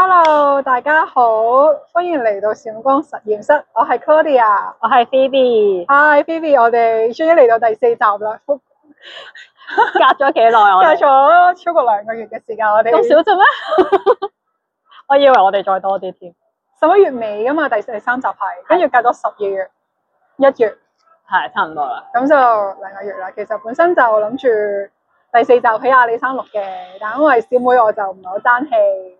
hello，大家好，歡迎嚟到閃光實驗室。我係 Claudia 我係 Phoebe。Hi Phoebe，我哋終於嚟到第四集啦。 隔咗幾耐？隔咗超過兩個月嘅時間。我哋咁少做咩？ 我以為我哋再多啲添。十一月尾噶嘛，第四第三集係，跟住隔咗十二月、一月，係差唔多啦。咁就兩個月啦。其實本身就諗住第四集喺阿里山錄嘅，但係因為小妹我就唔係好爭氣。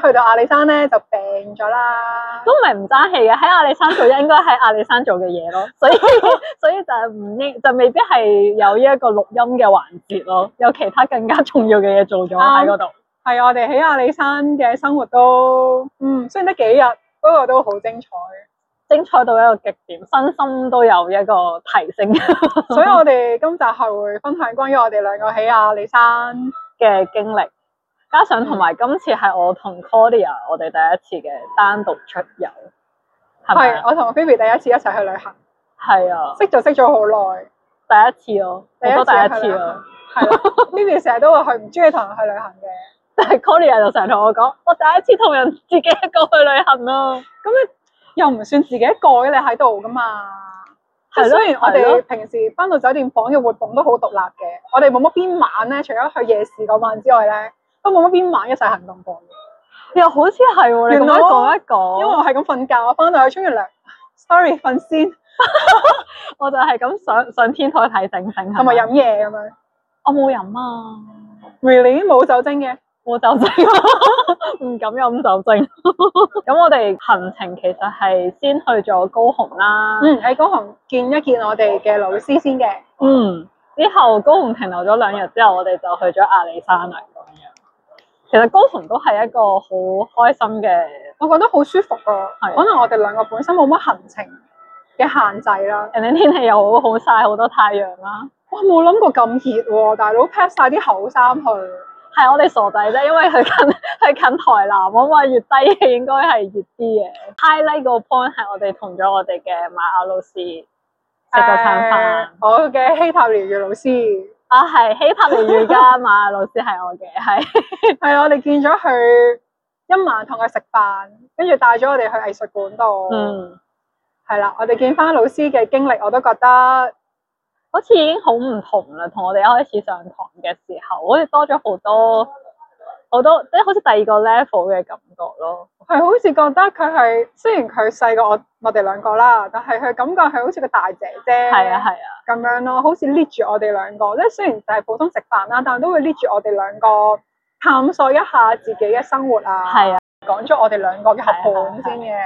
去到阿里山咧就病咗啦，都唔係唔爭氣嘅，喺阿里山做，應該喺阿里山做嘅嘢咯，所以 所以就唔應就未必係有呢一個錄音嘅環節咯，有其他更加重要嘅嘢做咗喺嗰度。係、嗯、我哋喺阿里山嘅生活都，嗯，雖然得幾日，不過都好精彩，精彩到一個極點，身心都有一個提升。 所以我哋今集係會分享關於我哋兩個喺阿里山嘅經歷。加上同埋今次係我同 Claudia 啊，我哋第一次嘅單獨出遊，係我同 Phoebe 第一次一齊去旅行，係啊，識就識咗好耐，第一次咯，第一次係啦，係咯，Phoebe 成日都話去唔中意同人去旅行嘅，但係 Claudia 就成日同我講，我第一次同人自己一個去旅行咯，咁你又唔算自己一個嘅，你喺度噶嘛？係咯，我哋平時翻到酒店房嘅活動都好獨立嘅，我哋冇乜邊晚咧，除咗去夜市嗰晚之外咧。都冇乜邊晚一齊行動過嘅，又好似係喎。另外講一講，因為我係咁瞓覺，我翻到去沖完涼，sorry 瞓先。睡。 我就係咁上上天台睇星星，同埋飲嘢咁樣。是是我冇飲啊，really 冇酒精嘅，冇酒精、啊、 酒精，唔敢飲酒精。咁我哋行程其實係先去咗高雄啦。嗯，喺高雄見一見我哋嘅老師先嘅。嗯，之後高雄停留咗兩日之後，我哋就去咗阿里山啦。其實高雄都係一個好開心嘅，我覺得好舒服啊。係的，可能我哋兩個本身冇乜行程嘅限制啦，人哋天氣又好曬好多太陽啦。哇，冇諗過咁熱喎，大佬 pack 晒啲厚衫去，係我哋傻仔啫，因為佢近佢近台南啊嘛，嗯，越低嘅應該係熱啲嘅。highlight 個 point 係我哋同咗我哋嘅馬亞老師食咗餐飯，呃，我嘅希塔療癒老師。啊，係希帕尼瑜伽嘛，老師係我嘅，係係我哋見咗佢一晚，同佢食飯，跟住帶咗我哋去藝術館度。嗯，係啦，我哋見翻老師嘅經歷，我都覺得 好似已經好唔同啦，同我哋一開始上堂嘅時候，好似多咗好多。我都即係好似第二個 level 嘅感覺咯，係好似覺得佢係雖然佢細過我我哋兩個啦，但係佢感覺佢好似個大姐姐。係啊係啊咁樣咯，好似 lead 住我哋兩個，即係雖然就係普通食飯啦，但係都會 lead 住我哋兩個探索一下自己嘅生活啊，係啊，講咗我哋兩個嘅合盤先嘅，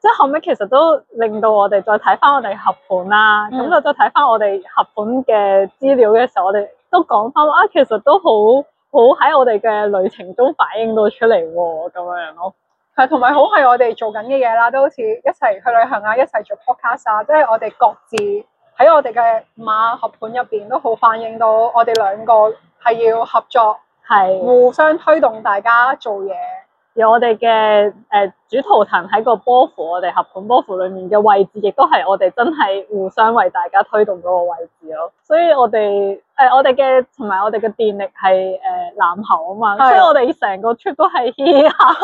即係後尾其實都令到我哋再睇翻我哋合盤啦，咁就、嗯、再睇翻我哋合盤嘅資料嘅時候，我哋都講翻啊，其實都好。好喺我哋嘅旅程中反映到出嚟喎，咁樣樣咯，係同埋好係我哋做緊嘅嘢啦，都好似一齊去旅行啊，一齊做 podcast 啊，即係我哋各自喺我哋嘅馬合盤入邊都好反映到，我哋兩個係要合作，係是互相推動大家做嘢。而我哋嘅誒主圖騰喺個波符，我哋合盤波符裏面嘅位置，亦都係我哋真係互相為大家推動嗰個位置咯。所以我哋誒、呃、我哋嘅同埋我哋嘅電力係誒、呃、南喉啊嘛，的所以我哋成個 trip 都係嘻哈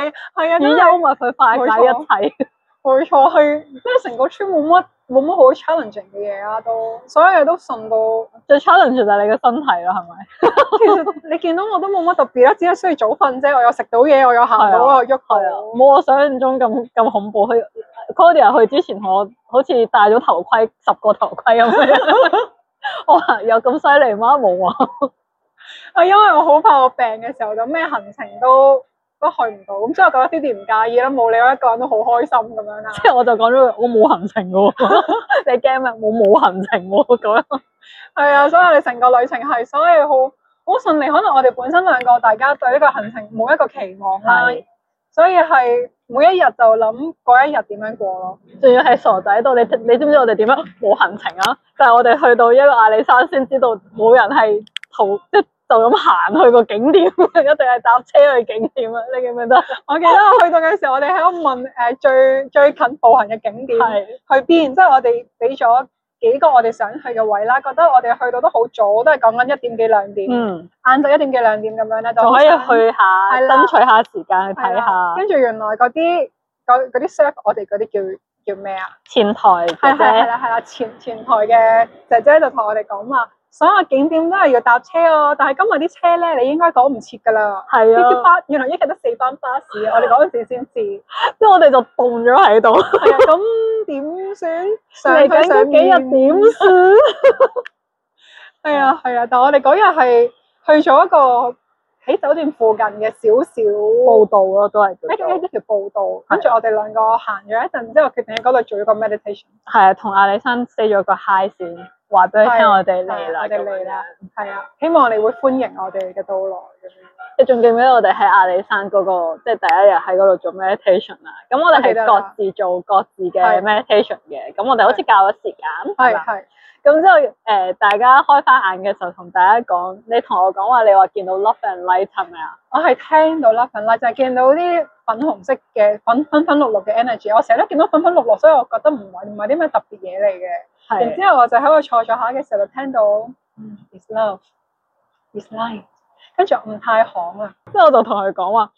，a t 係係啊，啲 幽默去化解一切錯。 冇錯去，去，即係成個村冇乜冇乜好 challenge 嘅嘢啊。都所有嘢都順到。最 challenge 就係你嘅身體啦，係咪？ 其實你見到我都冇乜特別啦，只係需要早瞓啫。我又食到嘢，我又行到，我又喐係啊，冇我、啊啊、想象中咁咁恐怖。去 Claudia 去之前，我好似戴咗頭盔十個頭盔咁樣。我話 有咁犀利嗎？冇啊。係 因為我好怕我病嘅時候，咁咩行程都。不過去唔到，咁所以我覺得 d 啲唔介意啦，冇理由一個人都好開心咁樣啦、啊。即係我就講咗，我冇行程嘅喎， 你驚咩？我冇行程，我講。係 啊，所以我哋成個旅程係所以好好順利，可能我哋本身兩個大家對呢個行程冇一個期望啦，對所以係每一日就諗嗰一日點樣過咯、啊。仲要係傻仔度，你，你知唔知我哋點樣冇行程啊？但係我哋去到一個阿里山先知道冇人係逃，即、就是就咁行去個景點， 一定係搭車去景點啊！你記唔記得？ 我記得我去到嘅時候，我哋喺度問誒、呃、最最近步行嘅景點係是去邊？即係、嗯、我哋俾咗幾個我哋想去嘅位啦，覺得我哋去到都好早，都係講緊一點幾兩點，嗯，晏晝一點幾兩點咁樣咧，就可以去下的爭取下時間去睇下。跟住原來嗰啲嗰嗰啲 serve 我哋嗰啲叫叫咩啊？前台嘅姐姐係啦係啦，前前台嘅姐姐就同我哋講話。所有景點都係要搭車哦，但係今日啲車咧，你應該趕唔切㗎啦。係啊，啲車原來一日都四班巴士，我哋嗰陣時先知，即係 我哋就凍咗喺度。咁點、啊、算？嚟緊嗰幾日點算？係、嗯、 啊係啊，但係我哋嗰日係去咗一個喺酒店附近嘅少少步道咯、啊，都係。一條、啊啊、步道，跟住、啊、我哋兩個行咗一陣，之後決定喺嗰度做一個 meditation。係啊，同阿里山 set 咗個 high 線。話俾佢聽，你是我哋嚟啦，我哋嚟啦，係啊，希望你會歡迎我哋嘅到來。咁你仲記唔記得我哋喺阿里山嗰個，即係第一日喺嗰度做 meditation 啊？咁我哋係各自做各自嘅 meditation 嘅是。咁我哋好似教咗時間，係係是。咁之後誒，大家開翻眼嘅時候，同大家講，你同我講話，你話見到 love and light 係咪啊？我係聽到 love and light，就係見到啲粉紅色嘅粉粉粉綠綠嘅 energy，我成日都見到粉粉綠綠，所以我覺得唔係唔係啲咩特別嘢嚟嘅。是然之後我就喺度坐咗下嘅時候就聽到，嗯，is love，is light， 跟住唔太響啊，之後我就同佢講話，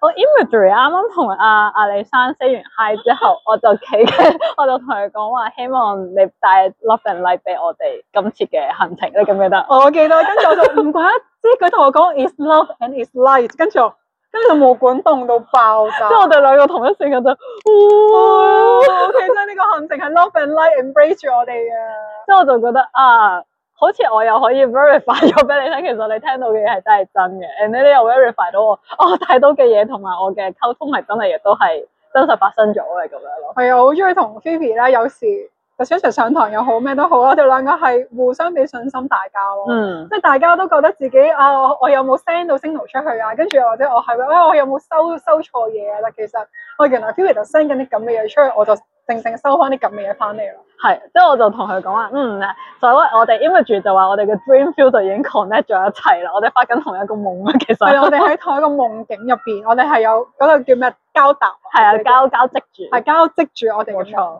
我、oh, imagery 啱啱同阿阿里山 say 完 hi 之後， 我就企， 我就同佢講話，希望你帶 love and light 俾我哋今次嘅行程，你記唔記得？我記得。跟住我就唔 怪得知佢同我講 is love and is light，跟住真就毛管動到爆炸，即係我哋兩個同一時間就，哇！O K，其實呢個行程係 Love and Light Embrace 我哋啊，即係我就覺得啊，好似我又可以 verify 咗俾你聽，其實你聽到嘅嘢係真係真嘅，and 你哋又 verify 到我，我睇到嘅嘢同埋我嘅溝通係真係亦都係真實發生咗嘅咁樣咯。係啊，我好中意同 Phoebe 啦，有時。就常常上堂又好咩都好咯，佢哋兩個係互相俾信心大家咯，嗯、即係大家都覺得自己啊，我，我有冇 send 到星圖出去啊？跟住或者我係啊、哎，我有冇收收錯嘢啊？其實我、哦、原來 Phoebe 就 send 緊啲咁嘅嘢出去，我就靜靜收翻啲咁嘅嘢翻嚟咯。係、啊，即係我就同佢講話，嗯，所以我哋 image 就話我哋嘅 dream field 已經 connect 咗一齊啦，我哋發緊同一個夢啊。其實係，我哋喺同一個夢境入邊，我哋係有嗰個叫咩交搭？係啊，交交織住，係交織住我哋嘅錯。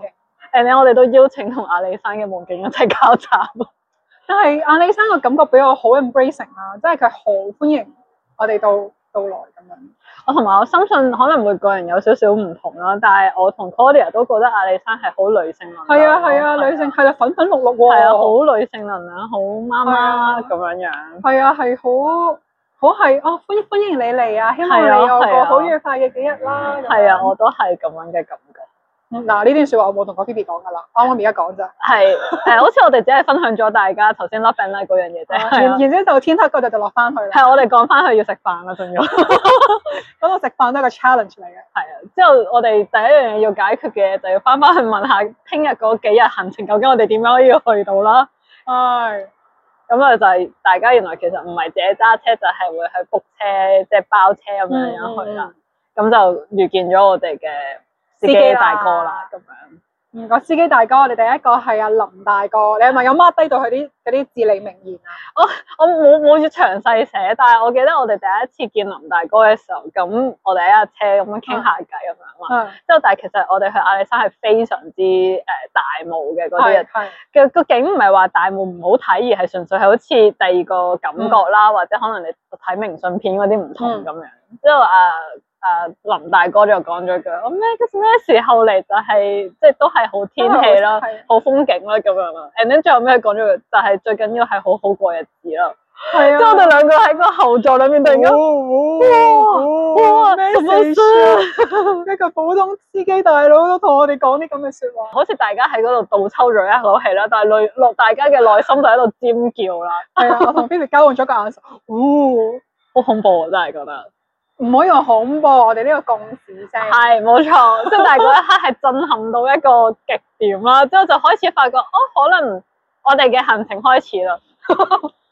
誒我哋都邀請同阿里山嘅夢境一齊交集，但係阿里山嘅感覺畀我好 embracing 啦，即係佢好歡迎我哋到到來咁樣。我同埋我深信，可能每個人有少少唔同啦，但係我同 Claudia 都覺得阿里山係好女性化。係啊係啊，女性係啊，粉粉綠綠喎。係啊，好女性能量，好媽媽咁樣樣。係啊，係好，好係啊，歡歡迎你嚟啊，希望你有個好愉快嘅幾日啦。係啊，我都係咁樣嘅感覺。嗱，呢、啊、段說話我冇同個 Phoebe 講噶啦，啱啱而家講啫，係係好似我哋只係分享咗大家頭先甩餅啦嗰樣嘢啫。然之後，然後天黑嗰陣就落翻去，係我哋講翻去要食飯啦，仲要嗰個食飯都係個 challenge 嚟嘅。係啊，之後我哋第一樣嘢要解決嘅，就要翻翻去問下聽日嗰幾日行程究竟我哋點樣可以去到啦，唉。是，咁啊就係大家原來其實唔係自己揸車，就係、是、會去 book 車即係、就是、包車咁樣樣去啦，咁、嗯嗯、就預見咗我哋嘅。司機大哥啦，咁樣。唔該，司機大哥，我哋第一個係阿林大哥，的你係咪有 mark 低到佢啲嗰啲至理名言啊？哦、我我冇冇要詳細寫，但係我記得我哋第一次見林大哥嘅時候，咁我哋喺架車咁樣傾下偈咁樣嘛。嗯。之後樣的但係其實我哋去阿里山係非常之誒、呃、大霧嘅嗰啲日，係。個個景唔係話大霧唔好睇，而係純粹係好似第二個感覺啦，嗯、或者可能你睇明信片嗰啲唔同咁樣。之後啊。嗯啊林大哥就講咗句咩？咩時候嚟，就係、是、即係都係好天氣啦，好、啊、風景啦咁樣啦。And then 最後屘佢講咗句就係最緊要係好好過日子啦。啊、即係我哋兩個喺個後座裏面突然間、哦哦、哇哇咁樣衰，一個普通司機大佬都同我哋講啲咁嘅說話。好似大家喺嗰度倒抽咗一口氣啦，但係內內大家嘅內心就喺度尖叫啦。係啊，我同 Phoebe 交換咗個眼神，哇、哦，好恐怖啊，真係覺得。唔好用恐怖，我哋呢個共識性，係，冇錯，即係但嗰一刻係震撼到一個極點啦，之後就開始發覺哦，可能我哋嘅行程開始啦。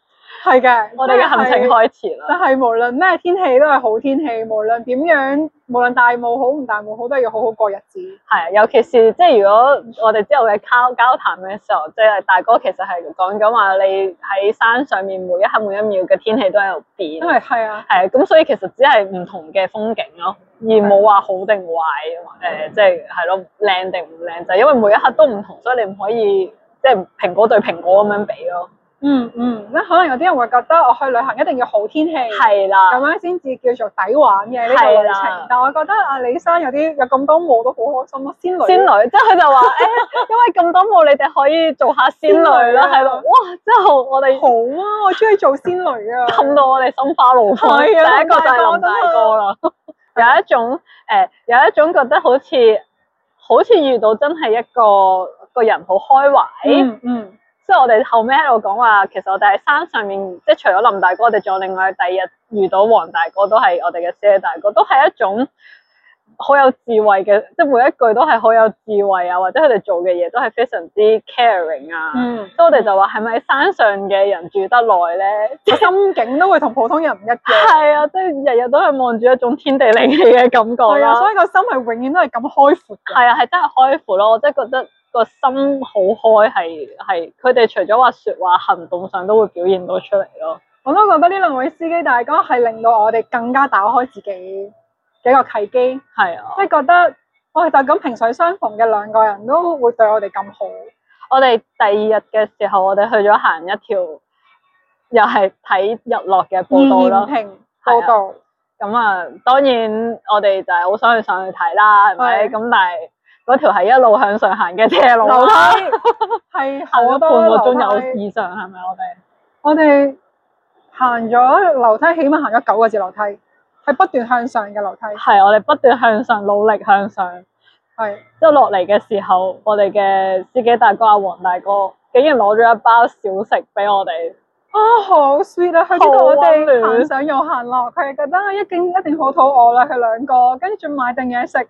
係嘅，我哋嘅行程開始啦。但係無論咩天氣都係好天氣，無論點樣，無論大霧好唔大霧好，都要好好過日子。係啊，尤其是即係如果我哋之後嘅交交談嘅時候，即係大哥其實係講緊話，你喺山上面每一刻每一秒嘅天氣都喺度變。因為係啊。係啊，咁所以其實只係唔同嘅風景咯，而冇話好定壞誒，即係係咯靚定唔靚，就係因為每一刻都唔同，所以你唔可以即係蘋果對蘋果咁樣比咯。嗯嗯嗯，咁可能有啲人會覺得我去旅行一定要好天氣，係啦，咁樣先至叫做抵玩嘅呢個旅程。但我覺得啊，阿里山有啲有咁多霧都好開心啊，仙女仙女，即係佢就話誒，因為咁多霧，你哋可以做下仙女啦，係咯，哇，真係好，我哋好啊，我中意做仙女啊，氹到我哋心花怒放。係啊，第一個就係林大哥啦，有一種誒，有一種覺得好似好似遇到真係一個個人好開懷，嗯。即係我哋後尾喺度講話，其實我哋喺山上面，即係除咗林大哥，我哋仲有另外第二日遇到黃大哥，都係我哋嘅師奶大哥，都係一種好有智慧嘅，即係每一句都係好有智慧啊，或者佢哋做嘅嘢都係非常之 caring 啊。嗯，所以我哋就話係咪山上嘅人住得耐咧，心境都會同普通人唔一樣？係啊，即係日日都係望住一種天地靈氣嘅感覺啦。係啊，所以個心係永遠都係咁開闊。係啊，係真係開闊咯，我真係覺得。個心好開，係係佢哋除咗話說話，行動上都會表現到出嚟咯。我都覺得呢兩位司機大哥係令到我哋更加打開自己幾個契機，係啊，即係覺得我哋、哎、就咁萍水相逢嘅兩個人都會對我哋咁好。我哋第二日嘅時候，我哋去咗行一條又係睇日落嘅步道咯，步道咁啊、嗯，當然我哋就係好想去上去睇啦，係咪？咁、啊、但係。嗰條係一路向上行嘅斜路，樓梯， 梯，係行咗半個鐘有以上，係咪我哋？我哋行咗樓梯，起碼行咗九個字樓梯，係不斷向上嘅樓梯。係我哋不斷向上，努力向上。係是，即係落嚟嘅時候，我哋嘅司機大哥阿黃大哥，竟然攞咗一包小食俾我哋。啊、哦，好 sweet 啊！佢知道我哋行上又行落，佢哋覺得啊，一驚一定好肚餓啦，佢兩個，跟住仲買定嘢食。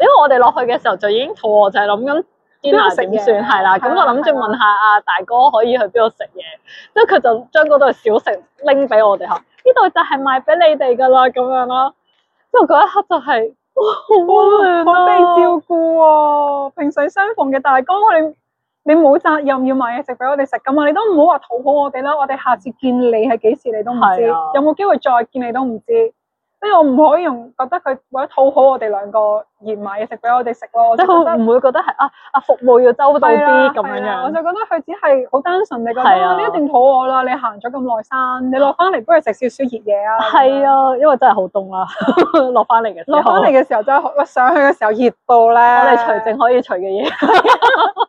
因為我哋落去嘅時候就已經肚餓，就係諗緊邊度食算係啦。咁我諗住問下阿、啊、大哥可以去邊度食嘢，之後佢就將嗰堆小食拎俾我哋嚇。呢度就係賣俾你哋㗎啦，咁樣啦。因為嗰一刻就係、是、哇，好暖啊， 哦、好照顧啊，萍水相逢嘅大哥，你你冇責任要買嘢食俾我哋食㗎嘛？你都唔好話討好我哋啦。我哋下次見你係幾時你都唔知，啊、有冇機會再見你都唔知。即係我唔可以用覺得佢為咗討好我哋兩個熱埋嘢食俾我哋食咯，即係唔會覺得係啊啊，服務要周到啲咁、啊、這樣樣、啊，我就覺得佢只係好單純你覺得是、啊啊、你一定肚餓啦，你行咗咁耐山，你落翻嚟不如食少少熱嘢啊。係啊，樣因為真係好凍啦，落翻嚟嘅落翻嚟嘅時候，時候真係我上去嘅時候熱到咧，除是、啊、淨可以除嘅嘢。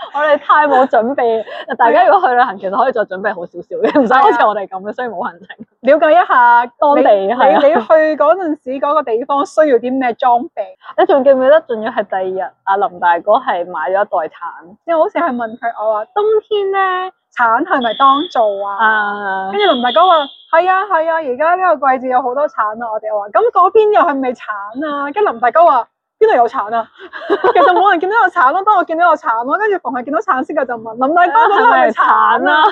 我哋太冇準備， 大家如果去旅行，其實可以再準備好少少嘅，唔使好似我哋咁嘅，啊、所以冇行程。 了解一下當地，你、啊、你，你去嗰陣時嗰個地方需要啲咩裝備？ 你仲記唔記得？仲要係第二日，阿林大哥係買咗一袋橙，即係好似係問佢我話冬天咧，橙係咪當造啊？跟住、啊、林大哥話：係啊係啊，而家呢個季節有好多橙啊！我哋話：咁嗰邊又係咪橙啊？跟林大哥話。邊度有橙啊？其實冇人見到有橙咯，當我見到有橙咯，跟住逢係見到橙色嘅就問林大哥：，嗰個係咪橙啊？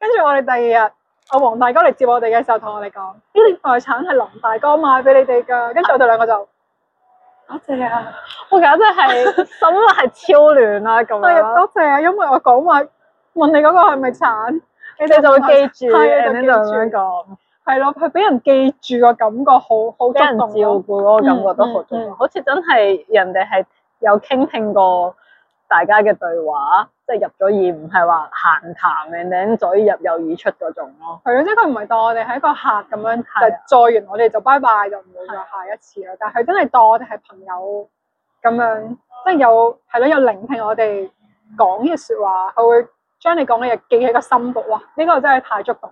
跟住我哋第二日，阿黃大哥嚟接我哋嘅時候，同我哋講：呢啲內橙係林大哥買俾你哋噶。跟住我哋兩個就：多謝啊！我而家真係心係超亂啊！咁樣多謝啊！因為我講話問你嗰個係咪橙，你哋就會記住嘅呢種感覺。係咯，佢俾人記住個感覺好好，俾人照顧嗰個感覺都、嗯嗯、好足，好似真係人哋係有傾聽過大家嘅對話，即、就、係、是、入咗耳，唔係話閒談嘅左耳入右耳出嗰種咯。係啊，即係佢唔係當我哋係一個客咁樣，載的完我哋就拜拜，就唔會再下一次啦。的但係佢真係當我哋係朋友咁樣，即係的有係咯，有聆聽我哋講嘅說話，佢、嗯、會將你講嘅嘢記喺個心度哇！呢、這個真係太觸動。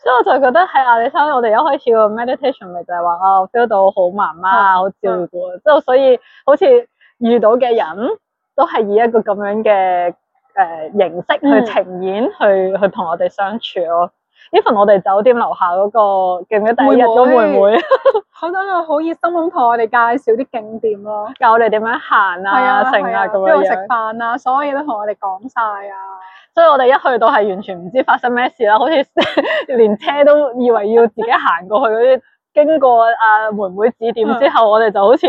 所以我就覺得喺阿里山我哋一開始個 meditation 咪就係話啊 feel 到好媽媽啊，好照顧啊，之後，所以好似遇到嘅人都係以一個咁樣嘅誒、呃、形式去呈現，嗯、去去同我哋相處咯、哦。even 我哋酒店樓下嗰個記唔記得第一日都妹妹，妹妹 好真就好熱心咁同我哋介紹啲景點咯，教我哋點樣行啊、剩啊咁、啊啊、樣嘢，邊度食飯啊，所有嘢都同我哋講晒啊。所以我哋一去到係完全唔知發生咩事啦，好似 連車都以為要自己行過去嗰啲。經過阿、啊、妹妹指點之後， 我哋就好似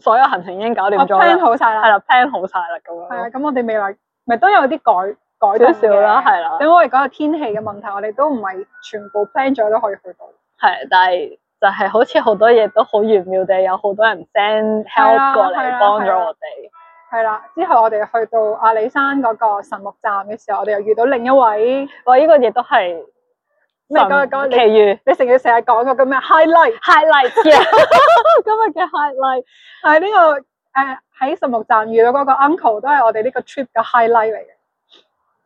所有行程已經搞掂咗 plan 好晒啦，係啦 plan 好晒啦咁樣。係啊，咁、 啊嗯、我哋未嚟咪都有啲改。改少少啦，係啦。咁我哋講下天氣嘅問題，我哋都唔係全部 plan 咗都可以去到。係，但係就係好似好多嘢都好玄妙地，有好多人 send help 過嚟幫咗我哋。係啦，之後我哋去到阿里山嗰個神木站嘅時候，我哋又遇到另一位，我呢、哦呢個亦都係咩？今日嗰個奇遇，你成日成日講個咁咩 highlight？highlight 呀！今日嘅 highlight 係呢個誒喺神木站遇到嗰個 uncle，都係我哋呢個 trip 嘅 highlight 嚟嘅。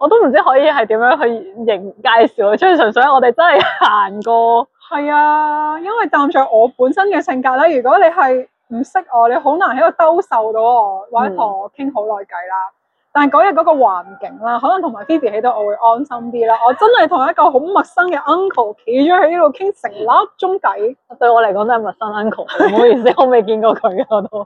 我都唔知可以係點樣去迎介紹，所以純粹我哋真係行過。係啊，因為站在我本身嘅性格咧，如果你係唔識我，你好難喺度兜售到我，或者同我傾好耐偈啦。嗯、但係嗰日嗰個環境啦，可能同埋 Phoebe 喺度，我會安心啲啦。我真係同一個好陌生嘅 uncle 企咗喺呢度傾成粒鐘偈，對我嚟講都係陌生 uncle。唔好意思， 我未見過佢，我都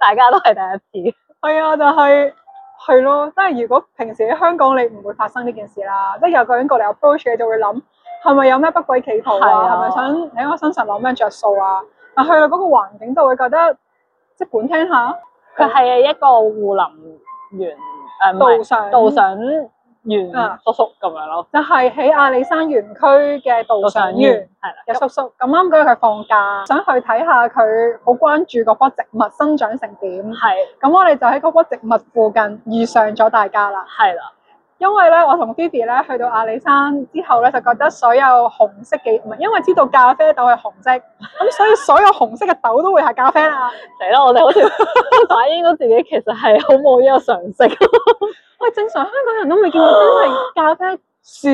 大家都係第一次。係啊，我就去、係。係咯，即係如果平時喺香港你唔會發生呢件事啦，即係有個人過嚟 approach 你，就會諗係咪有咩不軌企圖啊？係咪的想喺我身上攞咩着數啊？但去到嗰個環境就會覺得即管觀聽下，佢係一個護林員，嗯呃、導賞想導賞。員叔叔咁、啊、樣咯，就係喺阿里山園區嘅導賞員，係啦，嘅叔叔咁啱嗰日佢放假，想去睇下佢好關注嗰棵植物生長成點，係的，咁我哋就喺嗰棵植物附近遇上咗大家啦，係啦。因為咧，我同 Phoebe 咧去到阿里山之後咧，就覺得所有紅色嘅，唔係，因為知道咖啡豆係紅色，咁 所以所有紅色嘅豆都會係咖啡啊！死啦，我哋好似反映到自己其實係好冇呢個常識。喂，正常香港人都未見過真係咖啡樹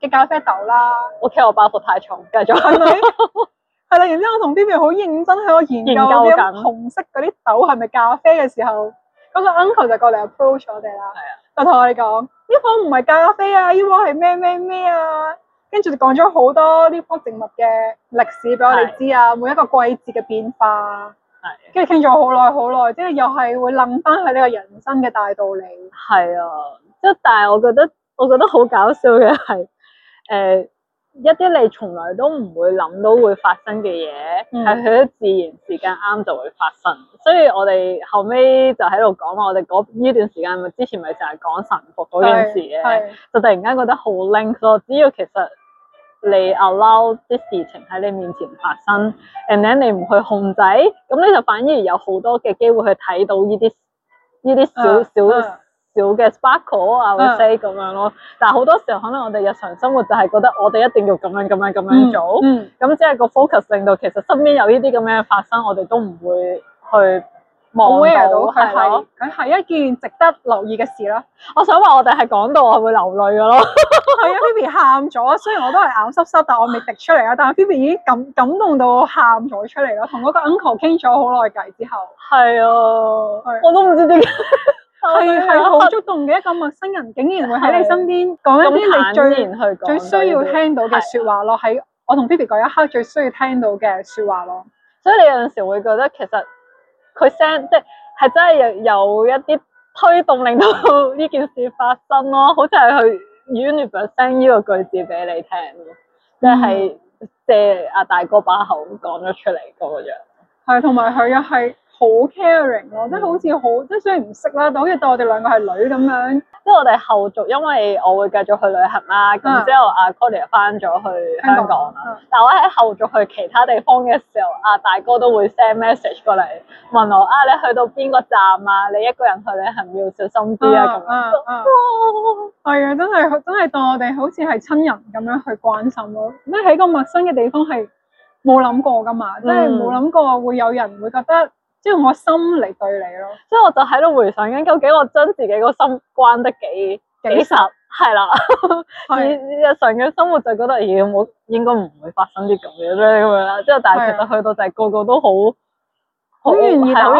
嘅咖啡豆啦。Okay，我包袱太重，繼續。係咪？係啦，然之後我同 Phoebe 好認真喺度研究啲紅色嗰啲豆係咪咖啡嘅時候。嗰個 uncle 就過嚟 approach 我哋啦，啊、就同我哋講呢棵唔係咖啡啊，呢棵係咩咩咩啊，跟住就講咗好多呢棵植物嘅歷史俾我哋知啊，每一個季節嘅變化，跟住傾咗好耐好耐，即係又係會諗翻佢呢個人生嘅大道理。係啊，即係但係我覺得我覺得好搞笑嘅係誒。呃一啲你從來都唔會諗到會發生嘅嘢，係佢、嗯、自然時間啱就會發生，所以我哋後尾就喺度講話，我哋嗰呢段時間咪之前咪成日講神服嗰件事嘅，就突然間覺得好 link 咯。只要其實你 allow 啲事情喺你面前發生，and then 你唔去控制，咁你就反而有好多嘅機會去睇到呢啲呢啲小事。Uh, uh. 小嘅 sparkle 啊，我 say 咁樣咯，但係好多時候可能我哋日常生活就係覺得我哋一定要咁樣咁樣咁樣做，咁即係個 focus 令到其實身邊有呢啲咁樣發生，我哋都唔會去望到係係，佢係一件值得留意嘅事啦。我想話我哋係講到我係會流淚噶咯，係啊，Phoebe 喊咗，雖然我都係眼濕濕，但係我未滴出嚟啊，但係 Phoebe 已經感感動到喊咗出嚟啦。同嗰個 uncle 傾咗好耐偈之後，係啊，我都唔知點解。係係好觸動嘅一個陌生人，竟然會喺你身邊講是一啲你最然去講最需要聽到嘅説話咯。喺是我同 Bibi 嗰一刻最需要聽到嘅説話咯。所以你有陣時會覺得其實佢 send 即係真係有有一啲推動令到呢件事發生咯，好似係佢 Universe send 呢個句子俾你聽，即係 借阿大哥把口講咗出嚟嗰個樣。係，同埋佢又係。嗯、好 caring 咯，即係好似好，即係雖然唔識啦，但好似當我哋兩個係女咁樣。即係我哋後續，因為我會繼續去旅行啦。咁之、嗯、後阿 Cody 翻咗去香港啦。港嗯、但係我喺後續去其他地方嘅時候，阿大哥都會 send message 過嚟問我啊，你去到邊個站啊？你一個人去旅行要小心啲啊咁。哇，係啊，真係真係當我哋好似係親人咁樣去關心咯。咩喺個陌生嘅地方係冇諗過㗎嘛？即係冇諗過有會有人會覺得。即係我心嚟對你咯，即係我就喺度回想緊究竟我將自己個心關得幾幾實，係啦。日是日常嘅生活就覺得咦，我應該唔會發生啲咁嘅啫咁樣啦。即、就、後、是、但係其實去到就係個個都好，好願意打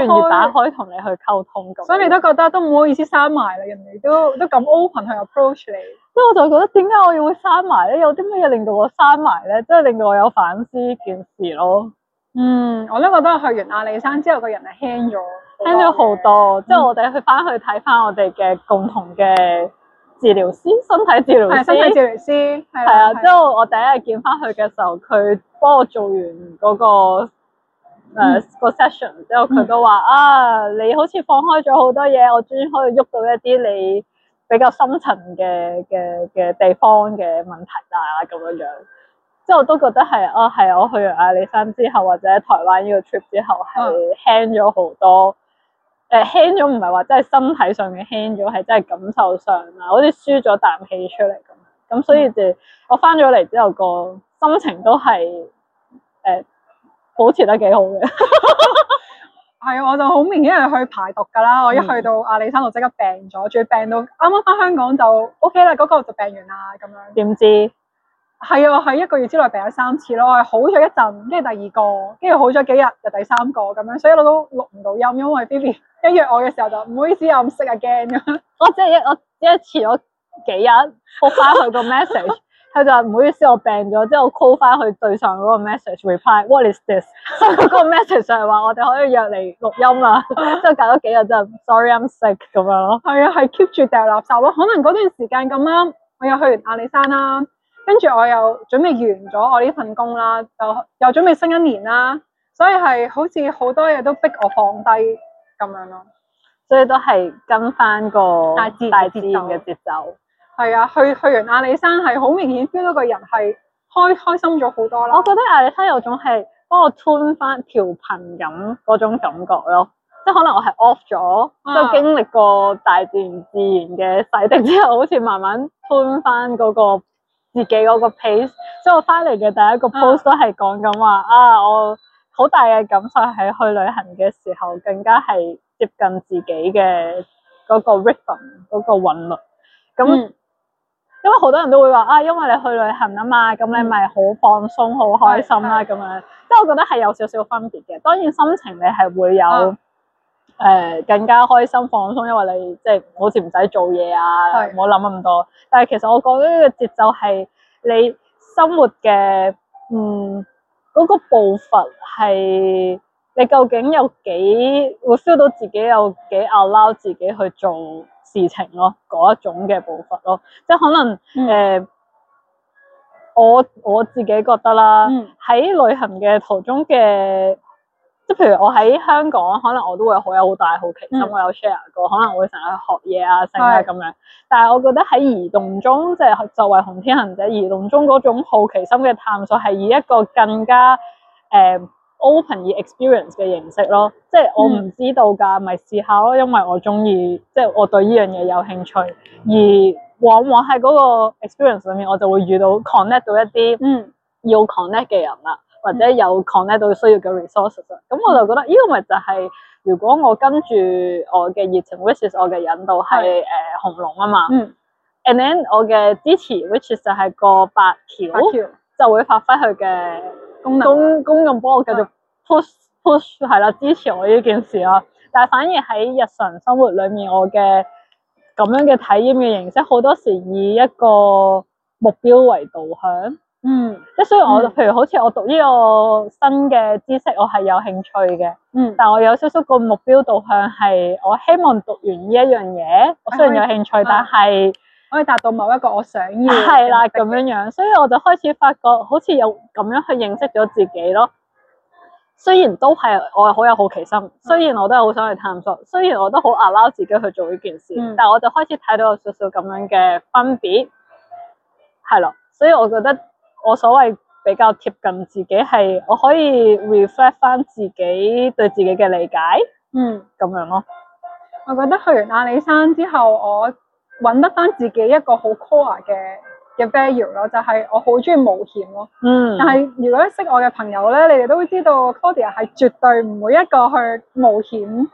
開，同你去溝通咁。所以你都覺得都唔好意思閂埋啦，人哋都都咁 open 去 approach 你。所以我就覺得點解我要會閂埋咧？有啲乜嘢令到我閂埋咧？即係令到我有反思件事咯。嗯，我呢個都係去完阿里山之後，個人係輕咗，輕咗好多。之後、嗯、我哋去翻去睇翻我哋嘅共同嘅治療師，身體治療師，身、嗯、體治療師係啊。之後我第一日見翻佢嘅時候，佢幫我做完嗰、嗰個誒個 session，之後佢都話、嗯、啊，你好似放開咗好多嘢，我終於可以喐到一啲你比較深層嘅嘅嘅地方嘅問題啦，咁樣樣。即我都覺得係，啊係我去完阿里山之後，或者台灣呢個 trip 之後係、嗯、輕咗好多。誒、呃、輕咗唔係話真係身體上面輕咗，係真係感受上啊，好似舒咗啖氣出嚟咁。咁所以就、嗯、我翻咗嚟之後個心情都係誒、呃、保持得幾好嘅。係 啊，我就好明顯係去排毒㗎啦。嗯、我一去到阿里山度即刻病咗，仲要病到啱啱翻香港就 OK 啦，嗰、嗰個就病完啦咁樣。點知？係啊，係一個月之內病咗三次咯。我好咗一陣，跟住第二個，跟住好咗幾日，就第三個咁樣，所以我都錄唔到音，因為 Phoebe 一約我嘅時候就唔好意思，我唔識啊驚咁，我即係一我一遲咗幾日，call 翻佢個 message，佢就話唔好意思我病咗，之後我 call 翻佢對上嗰個 message reply what is this？ 所以嗰個 message 就係話我哋可以約嚟錄音啦，即係隔咗幾日就 sorry I'm sick 咁樣咯。係啊，係 keep 住掉垃圾咯，可能嗰段時間咁啱，我又去完阿里山啦。跟住我又準備完咗我呢份工啦，又又準備升一年啦，所以係好似好多嘢都逼我放低咁樣咯，所以都係跟翻個大自然嘅節奏。係啊，去去完阿里山係好明顯 feel 到個人係開開心咗好多啦。我覺得阿里山有種係幫我 turn 翻調頻咁嗰種感覺咯，即係可能我係 off 咗，即係、啊、經歷過大自然自然嘅洗滌之後，好似慢慢 turn 翻嗰個自己嗰個 pace，即係我翻嚟嘅第一個 post 都係講緊話啊，我好大嘅感受係去旅行嘅時候更加係接近自己嘅嗰個 rhythm 嗰個韻律。咁、嗯、因為好多人都會話啊，因為你去旅行啊嘛，咁你咪好放鬆、好、嗯、開心啦咁樣。即係我覺得係有少少分別嘅，當然心情你係會有。嗯誒、呃，更加開心放鬆，因為你即係好似唔使做嘢啊，唔好諗咁多。但係其實我覺得呢個節奏係你生活嘅，嗯，嗰、那個步伐係你究竟有幾會 feel 到自己有幾 allow 自己去做事情咯，嗰一種嘅步伐咯，即係可能誒、呃嗯、我我自己覺得啦，喺、嗯、旅行嘅途中嘅。即譬如我喺香港，可能我都會好有好大好奇心。嗯、我有 share 過，可能我會成日去學嘢啊，成日咁樣。但係我覺得喺移動中，即係作為紅天行者，移動中嗰種好奇心嘅探索係以一個更加誒、呃、open 而 experience 嘅形式咯。即係我唔知道㗎，咪、嗯、試下咯，因為我中意，即係我對呢樣嘢有興趣。而往往喺嗰個 experience 裏面，我就會遇到 connect 到一啲嗯要 connect 嘅人啦。或者有 connect 到需要嘅 resources 咁我就覺得呢、嗯、個咪就係、是、如果我跟住我嘅熱情，which is 我嘅引導，係誒紅龍啊嘛，and 嗯 then 我嘅支持，which is 就係個八條，條就會發揮佢嘅功能，工公啦公用幫我繼續 push, push push 係啦，支持我呢件事啦、啊。嗯、但係反而喺日常生活裏面，我嘅咁樣嘅體驗嘅形式，好多時以一個目標為導向。嗯，即係雖然我，嗯、譬如好似我讀呢個新嘅知識，我係有興趣嘅，嗯，但我有少少個目標導向，係我希望讀完呢一樣嘢。嗯、我雖然有興趣，嗯、但係是可以達到某一個我想要係啦咁樣樣。所以我就開始發覺，好似有咁樣去認識咗自己咯。雖然都係我好有好奇心，嗯、雖然我都係好想去探索，雖然我都好 allow 自己去做呢件事，嗯、但係我就開始睇到有少少咁樣嘅分別，係咯。所以我覺得。我所謂比較貼近自己係，我可以 reflect 翻自己對自己嘅理解，嗯，咁樣咯。我覺得去完阿里山之後，我揾得翻自己一個好 core 嘅嘅 value 咯，就係我好中意冒險咯，嗯。但係如果識我嘅朋友咧，你哋都會知道 Claudia 係絕對唔會一個去冒險。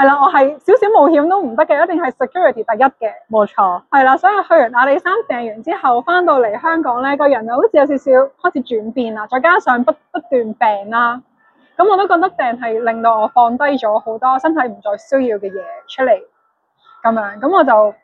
係啦，我係少少冒險都唔得嘅，一定係 security 第一嘅。冇錯，係啦，所以去完阿里山病完之後，翻到嚟香港咧，個人好似有少少開始轉變啦。再加上不不斷病啦，咁我都覺得病係令到我放低咗好多身體唔再需要嘅嘢出嚟，咁樣咁我就，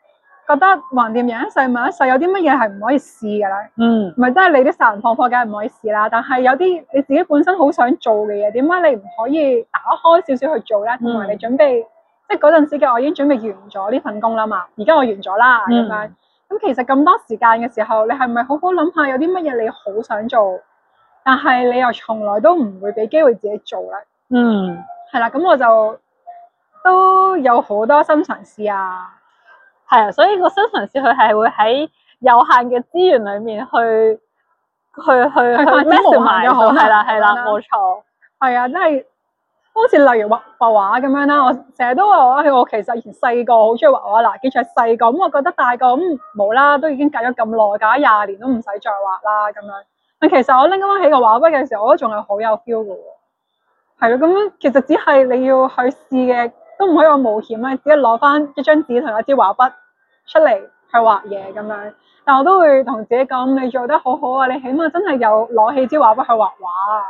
覺得橫掂人一世物一世，有啲乜嘢係唔可以試嘅咧？嗯，咪即係你啲殺人放火梗係唔可以試啦。但係有啲你自己本身好想做嘅嘢，點解你唔可以打開少少去做咧？同埋、嗯、你準備，即係嗰陣時嘅我已經準備完咗呢份工啦嘛。而家我完咗啦咁、嗯、樣，咁其實咁多時間嘅時候，你係咪好好諗下有啲乜嘢你好想做，但係你又從來都唔會俾機會自己做咧？嗯，係啦，咁我就都有好多新嘗試啊。係啊，所以個新嘗試佢係會喺有限嘅資源裏面去去去是去 match 埋好，係啦係啦，冇錯了。係啊，真係好似例如畫畫畫咁樣啦，我成日都話我我其實以前細個好中意畫畫啦，記住細個咁，我覺得大個咁冇啦，都已經隔咗咁耐，隔廿年都唔使再畫啦咁樣。但其實我拎翻起個畫筆嘅時候，我都仲係好有 feel 噶喎。係咯，咁樣其實只係你要去試嘅。都唔可以話冒險啊！只係攞翻一張紙同一支畫筆出嚟去畫嘢咁樣，但我都會同自己講：你做得好好啊！你起碼真係有攞起支畫筆去畫畫啊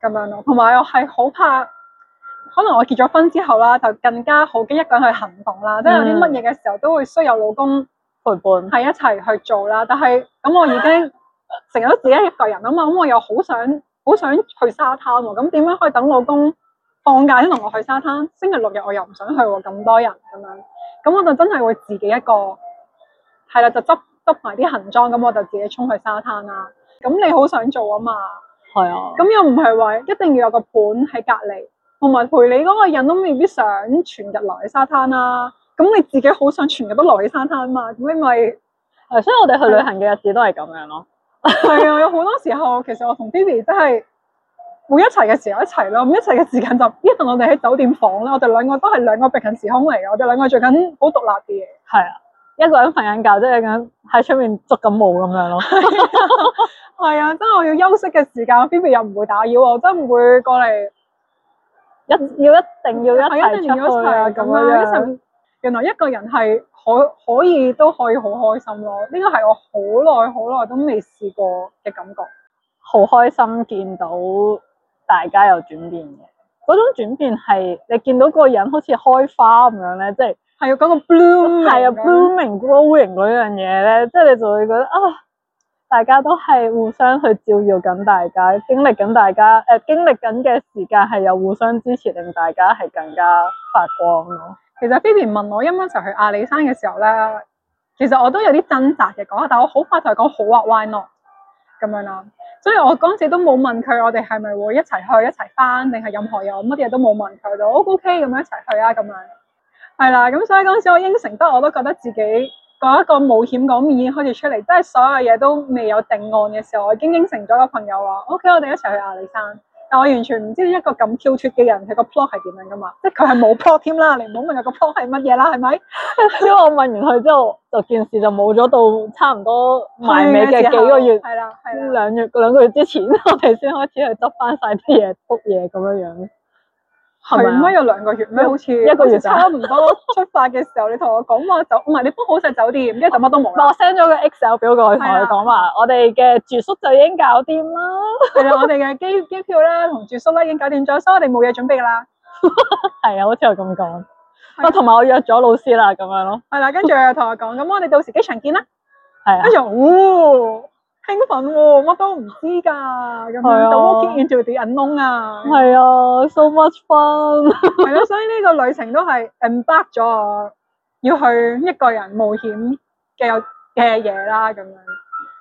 咁樣咯。同埋我係好怕，可能我結咗婚之後啦，就更加好嘅一個人去行動啦。即係、嗯、有啲乜嘢嘅時候，都會需要有老公陪伴喺一齊去做啦。嗯、但係咁，我已經成日都自己一個人啊嘛。咁我又好想好想去沙灘喎。咁點樣可以等老公？放假先同我去沙灘，星期六日我又唔想去喎，咁多人咁樣，咁我就真係會自己一個，係啦，就執執埋啲行裝，咁我就自己衝去沙灘啦。咁你好想做啊嘛，係啊的，咁又唔係話一定要有個伴喺隔籬，同埋陪你嗰個人都未必想全日落去沙灘啊。咁你自己好想全日都留喺沙灘啊嘛，咁咪，所以我哋去旅行嘅日子都係咁樣咯。係啊， 有好多時候其實我同 Phoebe 都係。每一齊嘅時候一齊咯，咁一齊嘅時間就一同我哋喺酒店房啦。我哋兩個都係兩個平行時空嚟嘅，我哋兩個最近好獨立啲嘢，係啊，一個人瞓緊覺，即係咁喺出面捉緊霧咁樣咯，係 啊，真係我要休息嘅時間 Phoebe 又唔會打擾我，真係唔會過嚟一要一定要一齊出一定要一啊。咁樣。原來一個人係可可以都可以好開心咯。呢個係我好耐好耐都未試過嘅感覺，好開心見到。大家有轉變嘅，嗰種轉變係你見到個人好似開花咁樣咧，即係係嗰個 bloom，係啊，blooming growing、growing 嗰樣嘢咧，即係你就會覺得啊，大家都係互相去照耀緊大家，經歷緊大家，誒、呃、經歷緊嘅時間係有互相支持，令大家係更加發光咯。其實菲 i 問我一晚就去阿里山嘅時候咧，其實我都有啲真實嘅講，但我好快就佢講好啊，why not 咁樣啦。所以我嗰陣時都冇問佢，我哋係咪會一齊去一齊返，定係任何人乜嘢都冇問佢。我 O K 咁樣一齊去啊，咁樣係啦。咁所以嗰陣時我應承得，我都覺得自己嗰一個冒險嗰面開始出嚟，即係所有嘢都未有定案嘅時候，我已經應承咗個朋友話：O K，我哋一齊去阿里山。但我完全唔知道一個咁跳脫嘅人，佢個 plot 係點樣㗎嘛？即係佢係冇 plot 添啦， 你唔好問佢個 plot 係乜嘢啦，係咪？ 因為我問完佢之後，就件事就冇咗到差唔多埋尾嘅幾個月，兩月兩個月之前， 我哋先開始去執翻曬啲嘢，book 嘢咁樣樣。係咩？有兩個月咩？好似一個月差唔多出發嘅時候， 你同我講話就唔係你 book 好晒酒店，啊、跟住就乜都冇啦。我 send 咗個 Excel 表俾我個女仔講話，我哋嘅住宿就已經搞掂啦。其實、啊，我哋嘅機機票啦同住宿啦已經搞掂咗，所以我哋冇嘢準備㗎啦。係 啊，好似係咁講。我同埋我約咗老師啦，咁樣咯。係啦、啊，跟住同我講，咁 我哋到時機場見啦。係啊，跟住樣。哦興奮喎，乜都唔知㗎，咁樣到我 get into the unknown 啊，係啊，so much fun，係咯，所以呢個旅程都係 embark 咗我要去一個人冒險嘅嘅嘢啦，咁樣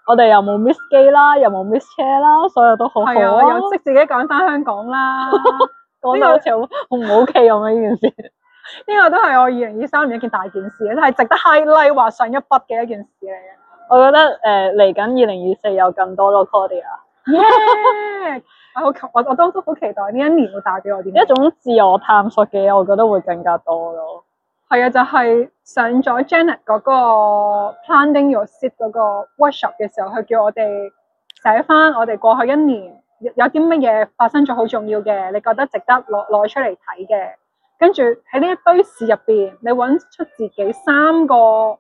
我哋又冇 miss 機啦，又冇 miss 車啦，所有都好，係啊，又識自己趕翻香港啦，呢個好似好唔 OK 咁啊，呢件事呢個都係我二零二三年一件大件事，係值得 highlight 話上一筆嘅一件事嚟嘅。我覺得誒嚟緊二零二四有更多咯，Claudia，係我我我都好期待呢一年會帶俾我啲一種自我探索嘅嘢，我覺得會更加多咯。係啊，就係、是、上咗 Janet 嗰個 Planning Your Seat 嗰個 Workshop 嘅時候，佢叫我哋寫翻我哋過去一年有啲乜嘢發生咗好重要嘅，你覺得值得攞攞出嚟睇嘅。跟住喺呢一堆事入邊，你揾出自己三個。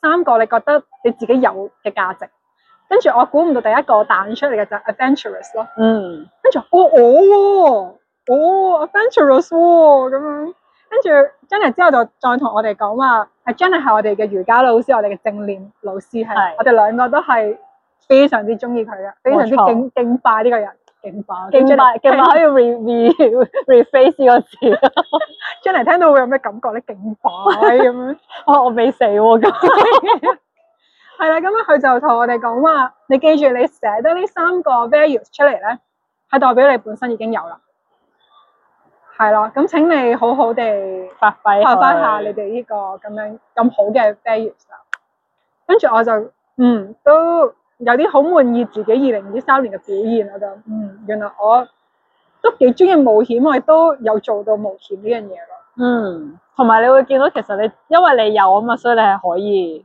三個你覺得你自己有嘅價值，跟住我估唔到第一個彈出嚟嘅就 adventurous 咯，嗯，跟住哦哦哦，adventurous 哦，咁樣，跟住 Jenny 之後就再同我哋講話，啊，阿 Jenny 係我哋嘅瑜伽老師，我哋嘅正念老師係是，我哋兩個都係非常之中意佢嘅，非常之敬錯敬拜呢個人。勁快，勁快，勁可以 re，re，reface re 個字、啊。將嚟聽到會有咩感覺咧？勁快，咁 樣，哦、 啊，我未死喎、啊。係啦， 咁樣佢就同我哋講話，你記住你寫得呢三個 values 出嚟咧，係代表你本身已經有啦。係啦，咁請你好好地發揮發揮下你哋呢個咁樣咁好嘅 values。跟住我就，嗯，都。.有啲好滿意自己二零二三年嘅表現，我就嗯，原來我都幾中意冒險，我亦都有做到冒險呢樣嘢咯。嗯，同埋你會見到其實你因為你有啊嘛，所以你係可以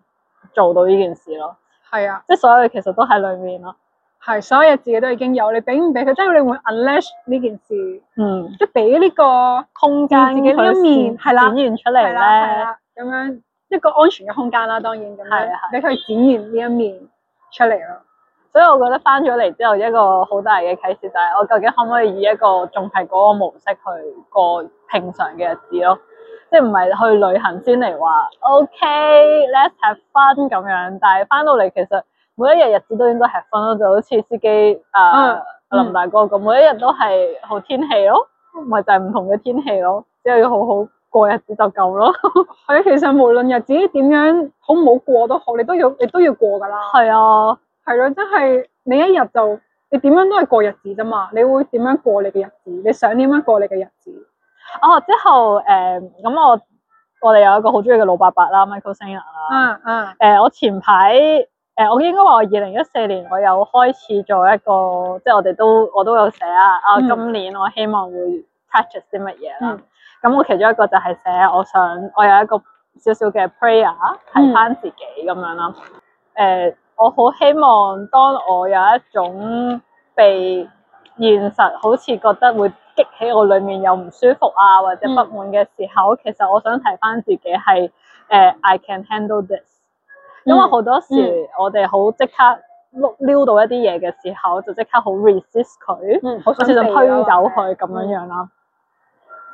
做到呢件事咯。係啊，即係所有其實都喺裏面咯。係，所有嘢自己都已經有，你俾唔俾佢？即係你會 unleash 呢件事。嗯，即係俾呢個空間自己一面，係啦，展現出嚟咧，咁樣一個安全嘅空間啦。當然咁樣，俾佢展現呢一面。出嚟咯，所以我覺得翻咗嚟之後一個好大嘅啟示就係我究竟可唔可以以一個仲係嗰個模式去過平常嘅日子咯？即係唔係去旅行先嚟話 OK，let's、okay, have fun 咁樣，但係翻到嚟其實每一日日子都應該 have fun 咯，就好似司機啊、呃嗯、林大哥咁，每一日都係好天氣咯，唔係就係唔同嘅天氣咯，係要好好過日子就夠咯。係啊，其實無論日子點樣好唔好過都好，你都要你都要過㗎啦。係啊，係咯，即係你一日就你點樣都係過日子啫嘛。你會點樣過你嘅日子？你想點樣過你嘅日子？哦，之後誒，咁、呃、我我哋有一個好中意嘅老伯伯啦，Michael Singer 啦、嗯。嗯嗯。誒、呃，我前排誒、呃，我應該話我二零一四年我有開始做一個，即係我哋都我都有寫啊。啊，今年我希望會 touch 啲乜嘢啦。嗯嗯。咁我其中一個就係寫我想我有一個少少嘅 prayer 提翻自己咁樣啦。誒、呃，我好希望當我有一種被現實好似覺得會激起我裡面又唔舒服啊或者不滿嘅時候，嗯、其實我想提翻自己係誒、呃、I can handle this。因為好多時、嗯、我哋好即刻碌溜到一啲嘢嘅時候，就即刻、嗯、好 resist 佢，好想就推走佢咁、嗯、樣樣啦。嗯嗯。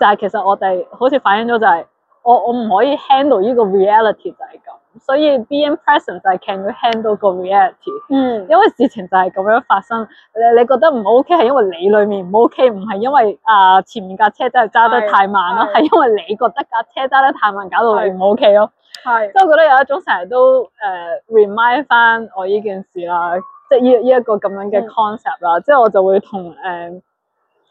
但係其實我哋、就是、好似反映咗、就是，就係我我唔可以 handle 呢個 reality 就係咁，所以 be present 就 s 就係 can you handle 個 reality。嗯，因為事情就係咁樣發生，你你覺得唔 OK 係因為你裡面唔 OK，唔係因為啊、呃、前面架車真係揸得太慢咯，係是因為你覺得架車揸得太慢搞到你唔 OK 咯。係是，所以我覺得有一種成日都誒 remind 翻我呢件事啦，即係呢呢一個咁、這個、樣嘅 concept 啦，嗯、即後我就會同誒。呃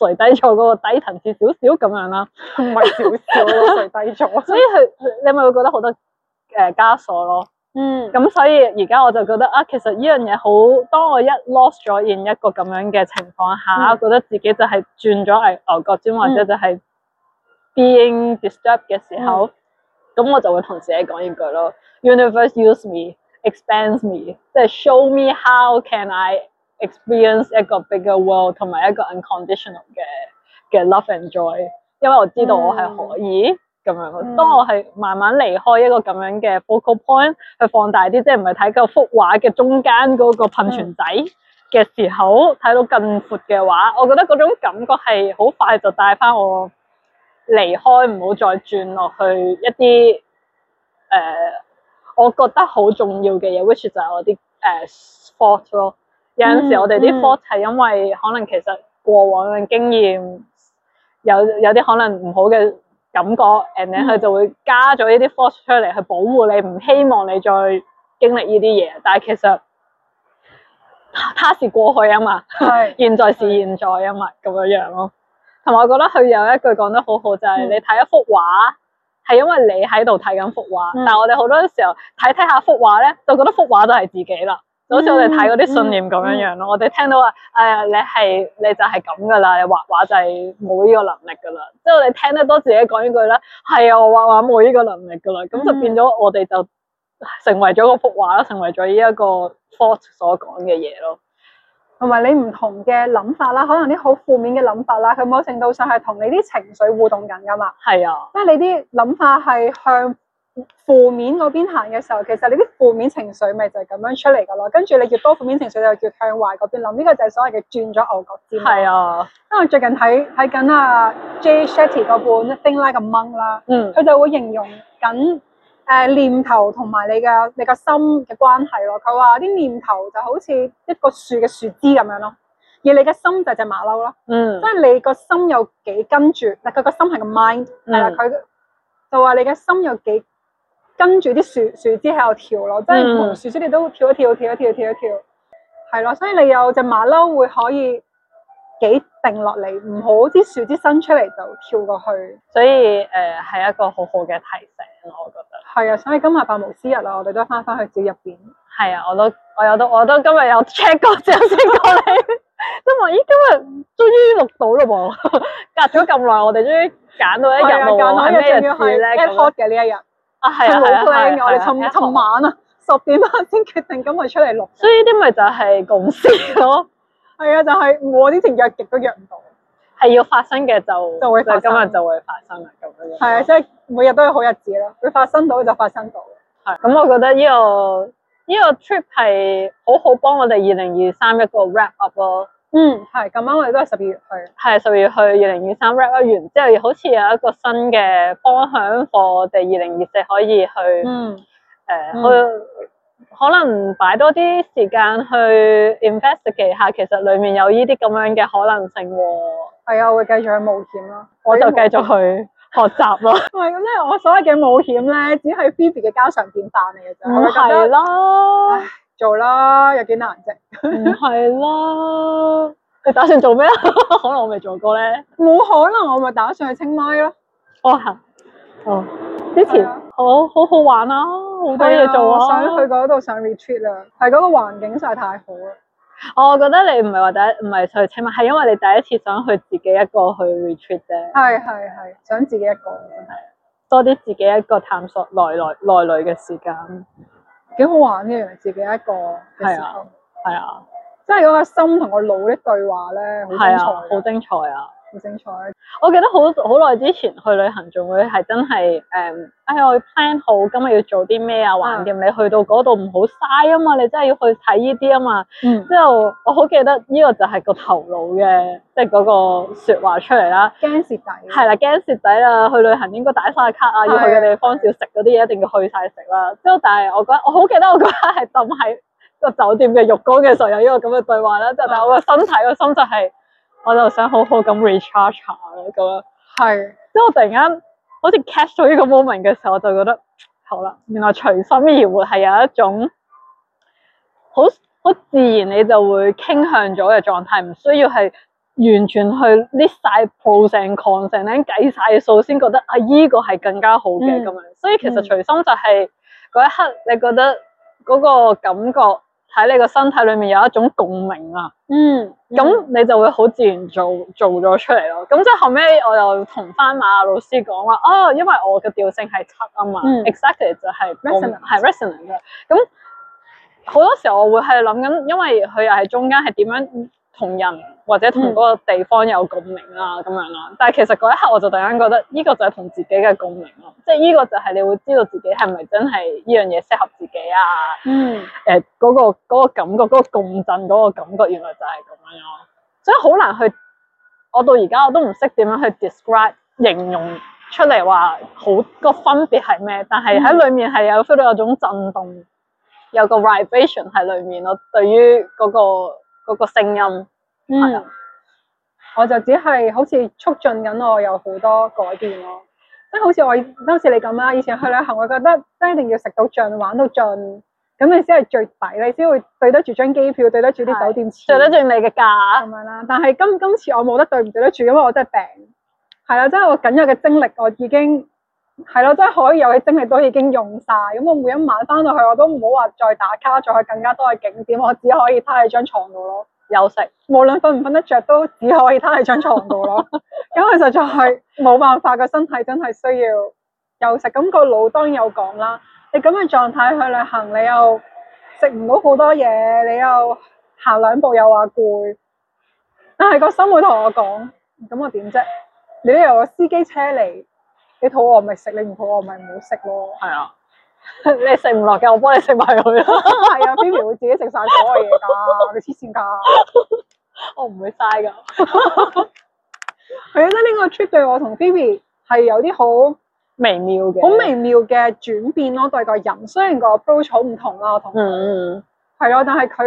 垂低咗嗰個低層次少少咁樣啦，唔係 少少，垂低咗， 所以佢你咪會覺得好多誒枷鎖咯。嗯，咁所以而家我就覺得啊，其實呢樣嘢好，當我一 lost 咗喺一個咁樣嘅情況下，嗯、覺得自己就係轉咗係牛角尖，嗯、或者就係 being disturbed 嘅時候，咁、嗯、我就會同自己講一句咯：universe use me, expands me, 即係 show me how can I Experience 一個 bigger world 同埋一個 unconditional 嘅嘅 love and joy，因為我知道我係可以咁、mm hmm. 樣。當我係慢慢離開一個咁樣嘅 focal point 去放大啲，即係唔係睇個幅畫嘅中間嗰個噴泉仔嘅時候，睇、mm hmm. 到更闊嘅畫，我覺得嗰種感覺係好快就帶翻我離開，唔好再轉落去一啲誒、呃、我覺得好重要嘅嘢、mm hmm.，which 就係我啲誒 sport 咯。有陣時，我哋啲 force 係因為可能其實過往嘅經驗有有啲可能唔好嘅感覺，and 咧佢就會加咗呢啲 force 出嚟去保護你，唔希望你再經歷呢啲嘢。但係其實它是過去啊嘛，是現在是現在啊嘛，咁樣樣咯。同埋我覺得佢有一句講得好好，就係、是、你睇一幅畫係因為你喺度睇緊幅畫，嗯、但係我哋好多時候睇睇下幅畫咧，就覺得幅畫都係自己啦。好似我哋睇嗰啲信念咁樣樣咯，嗯嗯、我哋聽到話呀、哎，你係你就係咁噶啦，你畫畫就係冇呢個能力噶啦，即係我哋聽得多自己講呢句咧，係啊，我畫畫冇呢個能力噶啦，咁、嗯、就變咗我哋就成為咗嗰幅畫啦，成為咗呢一個 thought 所講嘅嘢咯，同埋你唔同嘅諗法啦，可能啲好負面嘅諗法啦，佢某程度上係同你啲情緒互動緊噶嘛，係啊，即係你啲諗法係向負面嗰邊行嘅時候，其實你啲負面情緒咪就係咁樣出嚟噶咯，跟住你越多負面情緒，就越向壞嗰邊諗，呢、這個就係所謂嘅轉咗牛角尖。係啊，因為我最近睇睇緊啊 Jay Shetty 嗰本《Think Like a Monk》啦，嗯，佢就會形容緊誒、呃、念頭同埋你嘅你嘅心嘅關係咯。佢話啲念頭就好似一個樹嘅樹枝咁樣咯，而你嘅心就係隻馬騮咯，嗯，即係你個心有幾跟住嗱，佢個心係個 mind，係啦、嗯，佢就話你嘅心有幾。跟住啲樹樹枝喺度跳咯，即係樹枝你都跳一跳，跳一跳，跳一跳，係咯。所以你有隻馬騮會可以幾定落嚟，唔好啲樹枝伸出嚟就跳過去。所以誒係、呃、一個好好嘅提醒我覺得係啊。所以今日百無之日啦，我哋都翻翻去自己入邊。係啊，我都我有都我都今日有 check 過，有 send 過你。都話 咦，今日終於錄到咯喎！ 隔咗咁耐，我哋終於揀到一日冇玩呢一陣咧 hot 嘅呢一日。 啊係啊，我哋尋尋晚啊，十點啊先決定今日出嚟錄所以呢啲咪就係共識咯。係啊，就係我之前約極都約唔到。係要發生嘅就就會發生，今日就會發生啦咁樣。係啊，即係每日都有好日子咯，會發生到就發生到。係，咁我覺得呢個呢個 trip 係好好幫我哋二零二三一個 wrap up 咯。嗯，係咁啱，晚我哋都係十二月去23。係十二月去，二零二三 wrap 咗完之後，好似有一個新嘅方向喎，我哋二零二四可以去。嗯。誒、呃，去、嗯、可能擺多啲時間去 investigate 下，其實裏面有呢啲咁樣嘅可能性。係啊，我會繼續去冒險咯。我，我就繼續去學習咯。唔係咁咧，我所謂嘅冒險咧，只係 Phoebe 嘅家常便飯嚟嘅啫。唔係啦。 做啦，有幾難啫？唔 係啦，你打算做咩？ 可能我未做過咧，冇可能我咪打算去清邁咯。哦，哦，之前，啊、哦，好好玩啊，好多嘢做啊。啊我想去嗰度上 retreat 啊，係嗰個環境實在太好啦，哦。我覺得你唔係話第一，唔係想去清邁，係因為你第一次想去自己一個去 retreat 啫。係係係，想自己一個真係，多啲自己一個探索內內內裏嘅時間。幾好玩嘅，自己一個係啊，係啊，即係嗰個心同個腦的對話咧，好精彩，好精彩啊！好精彩！我記得好好耐之前去旅行仲會係真係，誒、嗯，哎呀，plan 好今日要做啲咩啊，橫掂你去到嗰度唔好嘥啊嘛，你真係要去睇呢啲啊嘛，之、嗯、後我好記得呢、呢個就係個頭腦嘅，即係嗰個說話出嚟啦，驚蝕底，係啦、啊，驚蝕底啦，去旅行應該打晒卡啊，要去嘅地方少食嗰啲嘢一定要去晒食啦，之後但係我覺得我好記得我嗰刻係浸喺個酒店嘅浴缸嘅時候有呢個咁嘅對話啦，就但係我個身體個心就係、是。我就想好好咁 recharge 下咯，咁樣係。即係是我突然間好似 catch 咗呢個 moment 嘅時候，我就覺得好啦，原來隨心而活係有一種好好自然，你就會傾向咗嘅狀態，唔需要係完全去 list 晒 percent、constant 計晒數先覺得啊呢、這個係更加好嘅咁樣。嗯、所以其實隨心就係、是、嗰、嗯、一刻，你覺得嗰個感覺。喺你個身體裏面有一種共鳴啊，嗯，咁、嗯、你就會好自然做做咗出嚟咯。咁即後尾我又同返馬老師講話，哦，因為我嘅調性係七啊嘛、嗯、exactly 就係 resonant 係 resonant 嘅共鳴。咁好多時候我會係諗緊，因為佢又係中間係點樣，同人或者同嗰個地方有共鳴啊，咁樣啦。但係其實嗰一刻我就突然間覺得，呢、呢個就係同自己嘅共鳴咯。即係呢個就係你會知道自己係咪真係呢樣嘢適合自己啊？嗯。誒嗰、呃嗰個嗰、嗰個感覺嗰、嗰個共振，嗰個感覺原來就係咁樣咯、啊。所以好難去，我到而家我都唔識點樣去 describe 形容出嚟話好個分別係咩。但係喺裏面係有 feel、嗯、到有種震動有個 vibration 喺裏面咯。對於嗰、嗰個。嗰個聲音，嗯，的我就只係好似促進緊我有好多改變咯，即係好似我，當時你咁啦，以前去旅行，我覺得真係一定要食到盡，玩到盡，咁你先係最抵，你先會對得住張機票，的對得住啲酒店錢，對得住你嘅價咁樣啦。但係今今次我冇得對唔對得住，因為我真係病，係啊，真係我緊要嘅精力，我已經。係咯，真係、就是、可以，有啲精力都已經用晒，咁我每一晚翻到去，我都唔好話再打卡，再去更加多嘅景點，我只可以趴喺張床度咯，休息。無論瞓唔瞓得着，都只可以趴喺張床度咯，因為 實在係冇辦法，個 身體真係需要休息。咁、那個腦當然有講啦，你咁嘅狀態去旅行，你又食唔到好多嘢，你又行兩步又話攰，但係個心會同我講，咁我點啫？你由個司機車嚟。你肚餓咪食，你唔肚餓咪唔好食咯。係啊， 你食唔落嘅，我幫你食埋佢咯。係啊 Phoebe 會自己食晒所有嘢㗎，你黐線㗎！我唔會嘥㗎。佢啊， 覺得呢個 trip 對我同 Phoebe 係有啲好微妙嘅，好 微妙嘅轉變咯，對個人。雖然個 approach 唔同啦、啊，我同嗯，嗯，係啊， 但係佢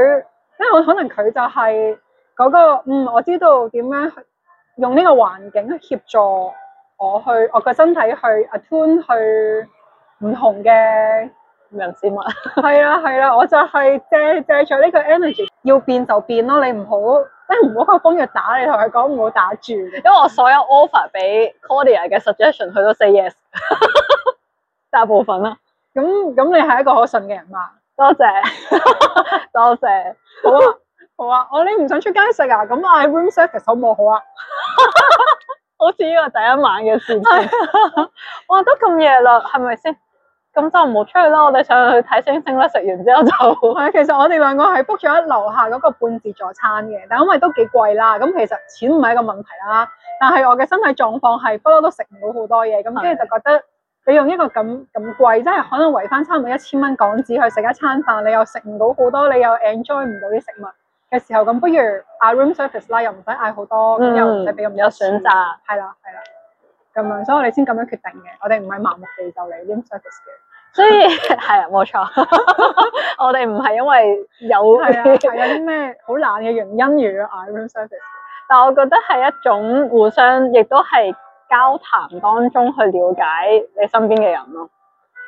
因為我可能佢就係嗰、那個嗯，我知道點樣，樣用呢個環境去協助。我去我個身體去 attune 去唔同嘅人事物，係 啊係啊，我就係借借咗呢個 energy，要變就變咯，你唔好你唔好去幫人打，你同佢講唔好打住。因為我所有 offer 俾 Claudia 嘅 suggestion，去到 say yes， 大部分啦、啊。咁咁你係一個可信嘅人嘛？多謝 多謝，好 啊謝 好啊，我、啊啊哦、你唔想出街食啊？咁嗌 Room Service 好唔好？好啊。 好似呢個第一晚嘅事， 哇都咁夜啦，係咪先？咁就唔好出去啦，我哋上去睇星星啦。食完之後就， 其實我哋兩個係 book 咗樓下嗰個半自助餐嘅，但因為都幾貴啦，咁其實錢唔係一個問題啦，但係我嘅身體狀況係不嬲都食唔到好多嘢，咁跟住就覺得你用一個咁咁貴，即係可能維翻差唔多元元一千蚊港紙去食一餐飯，你又食唔到好多，你又 enjoy 唔到啲食物。嘅時候咁，不如嗌 room service 啦，又唔使嗌好多，嗯、又唔使俾咁多，有選擇，係啦係啦咁樣，所以我哋先咁樣決定嘅。我哋唔係盲目地就嚟 room service 嘅，所以係啊，冇錯，我哋唔係因為有係啊有啲咩好懶嘅原因而嗌 room service，但係我覺得係一種互相亦都係交談當中去了解你身邊嘅人咯。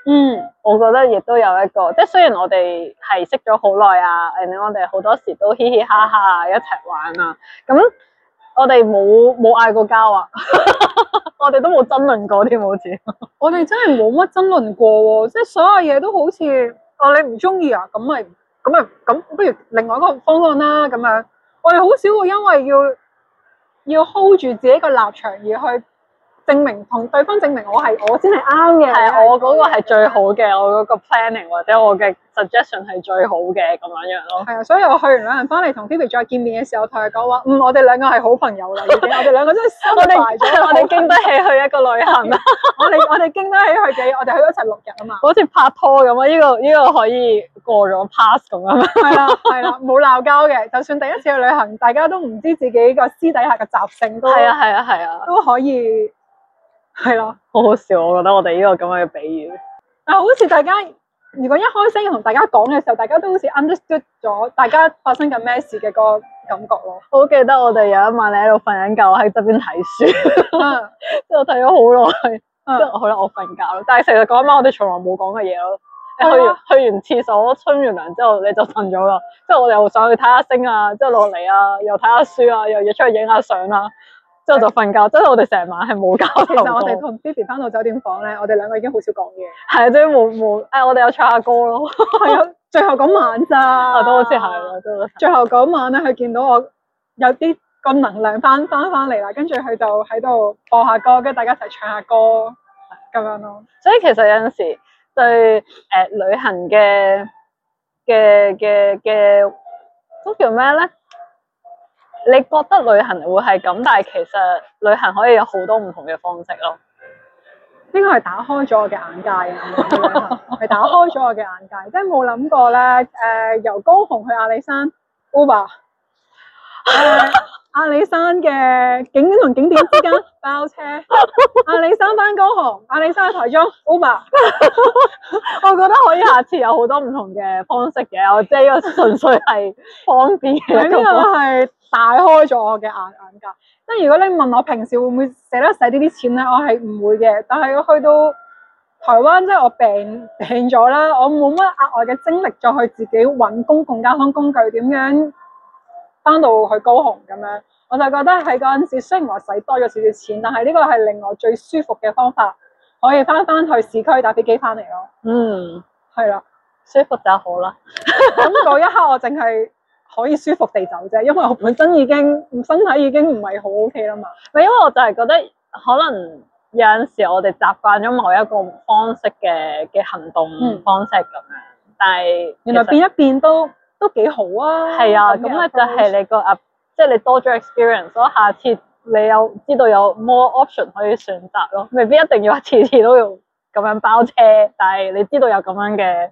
嗯，我覺得亦都有一個，即係雖然我哋係識咗好耐啊，誒，我哋好多時都嘻嘻哈哈啊，一齊玩啊，咁我哋冇冇嗌過交啊， 我哋都冇爭論過添，好似 我哋真係冇乜爭論過喎，哦，即係所有嘢都好似哦，啊，你唔中意啊，咁咪咁咪咁，不如另外一個方案啦咁樣，我哋好少會因為要要 hold 住自己個立場而去。證明同對方證明我係我先係啱嘅，係我嗰個係最好嘅，我嗰個 planning 的或者我嘅 suggestion 係最好嘅咁樣樣咯。係啊，所以我去完旅行翻嚟同 Phoebe 再見面嘅時候，同佢講話，嗯，我哋兩個係好朋友嚟嘅，我哋兩個真係收埋咗，我哋經得起去一個旅行。 我哋我哋經得起去幾，我哋去一齊六日啊嘛， 好似拍拖咁啊！呢、這個依、這個可以過咗 pass 咁啊，係啦係啦，冇鬧交嘅。就算第一次去旅行，大家都唔知自己個私底下嘅習性都係啊係啊係啊，都可以。係咯，好好笑，我覺得我哋呢個咁樣嘅比喻，但好似大家如果一開聲同大家講嘅時候，大家都好似 understood 咗大家發生緊咩事嘅嗰個感覺咯。好記得我哋有一晚你喺度瞓緊覺，喺側邊睇書，即係我睇咗好耐，即係好啦，我瞓覺但係成日嗰晚我哋從來冇講嘅嘢咯。你去去完廁所沖完涼之後你就瞓咗啦，即係我哋又想去睇下星啊，即係落嚟啊，又睇下書啊，又要出去影下相啦。之後就瞓覺，欸、真係的我哋成晚係冇交流。其實我哋同 B y 翻到酒店房咧，我哋兩個已經好少講嘢。係，啊，係冇冇誒，我哋有唱下歌咯。 最後嗰晚咋，我、啊、都好似係，都最後嗰晚咧，佢見到我有啲個能量翻翻翻嚟啦，跟住佢就喺度播下歌，跟住大家一齊唱下歌咁樣咯。所以其實有陣時對誒、呃、旅行嘅嘅嘅叫咩咧？你覺得旅行會係咁，但係其實旅行可以有好多唔同嘅方式咯。應該係打開咗我嘅眼界，係 打開咗我嘅眼界，即係冇諗過咧。誒、呃，由高雄去阿里山 Uber。 uh, 阿里山嘅景點同景點之間， 包車，阿里山翻高雄，阿里山去台中，Uber。 我覺得可以下次有好多唔同嘅方式嘅，我即係一個純粹係方便嘅一個方式，跟住係大開咗我嘅眼 眼界。即係如果你問我平時會唔會捨得使呢啲錢咧，我係唔會嘅。但係去到台灣，即係我病病咗啦，我冇乜額外嘅精力再去自己揾公共交通工具點樣。翻到去高雄咁樣，我就覺得喺嗰陣時雖然話使多咗少少錢，但係呢個係令我最舒服嘅方法，可以翻翻去市區搭飛機翻嚟咯。嗯，係啦的，舒服就好啦。咁 嗰一刻我淨係可以舒服地走啫，因為我本身已經身體已經唔係好 OK 啦嘛。唔因為我就係覺得可能有陣時我哋習慣咗某一個方式嘅嘅行動方式咁樣，嗯、但係原來變實一變都。都幾好啊！係啊，咁咧就係你個啊，即係你多咗 experience 咯。下次你有知道有 more option 可以選擇咯，未必一定要一次次都要咁樣包車。但係你知道有咁樣嘅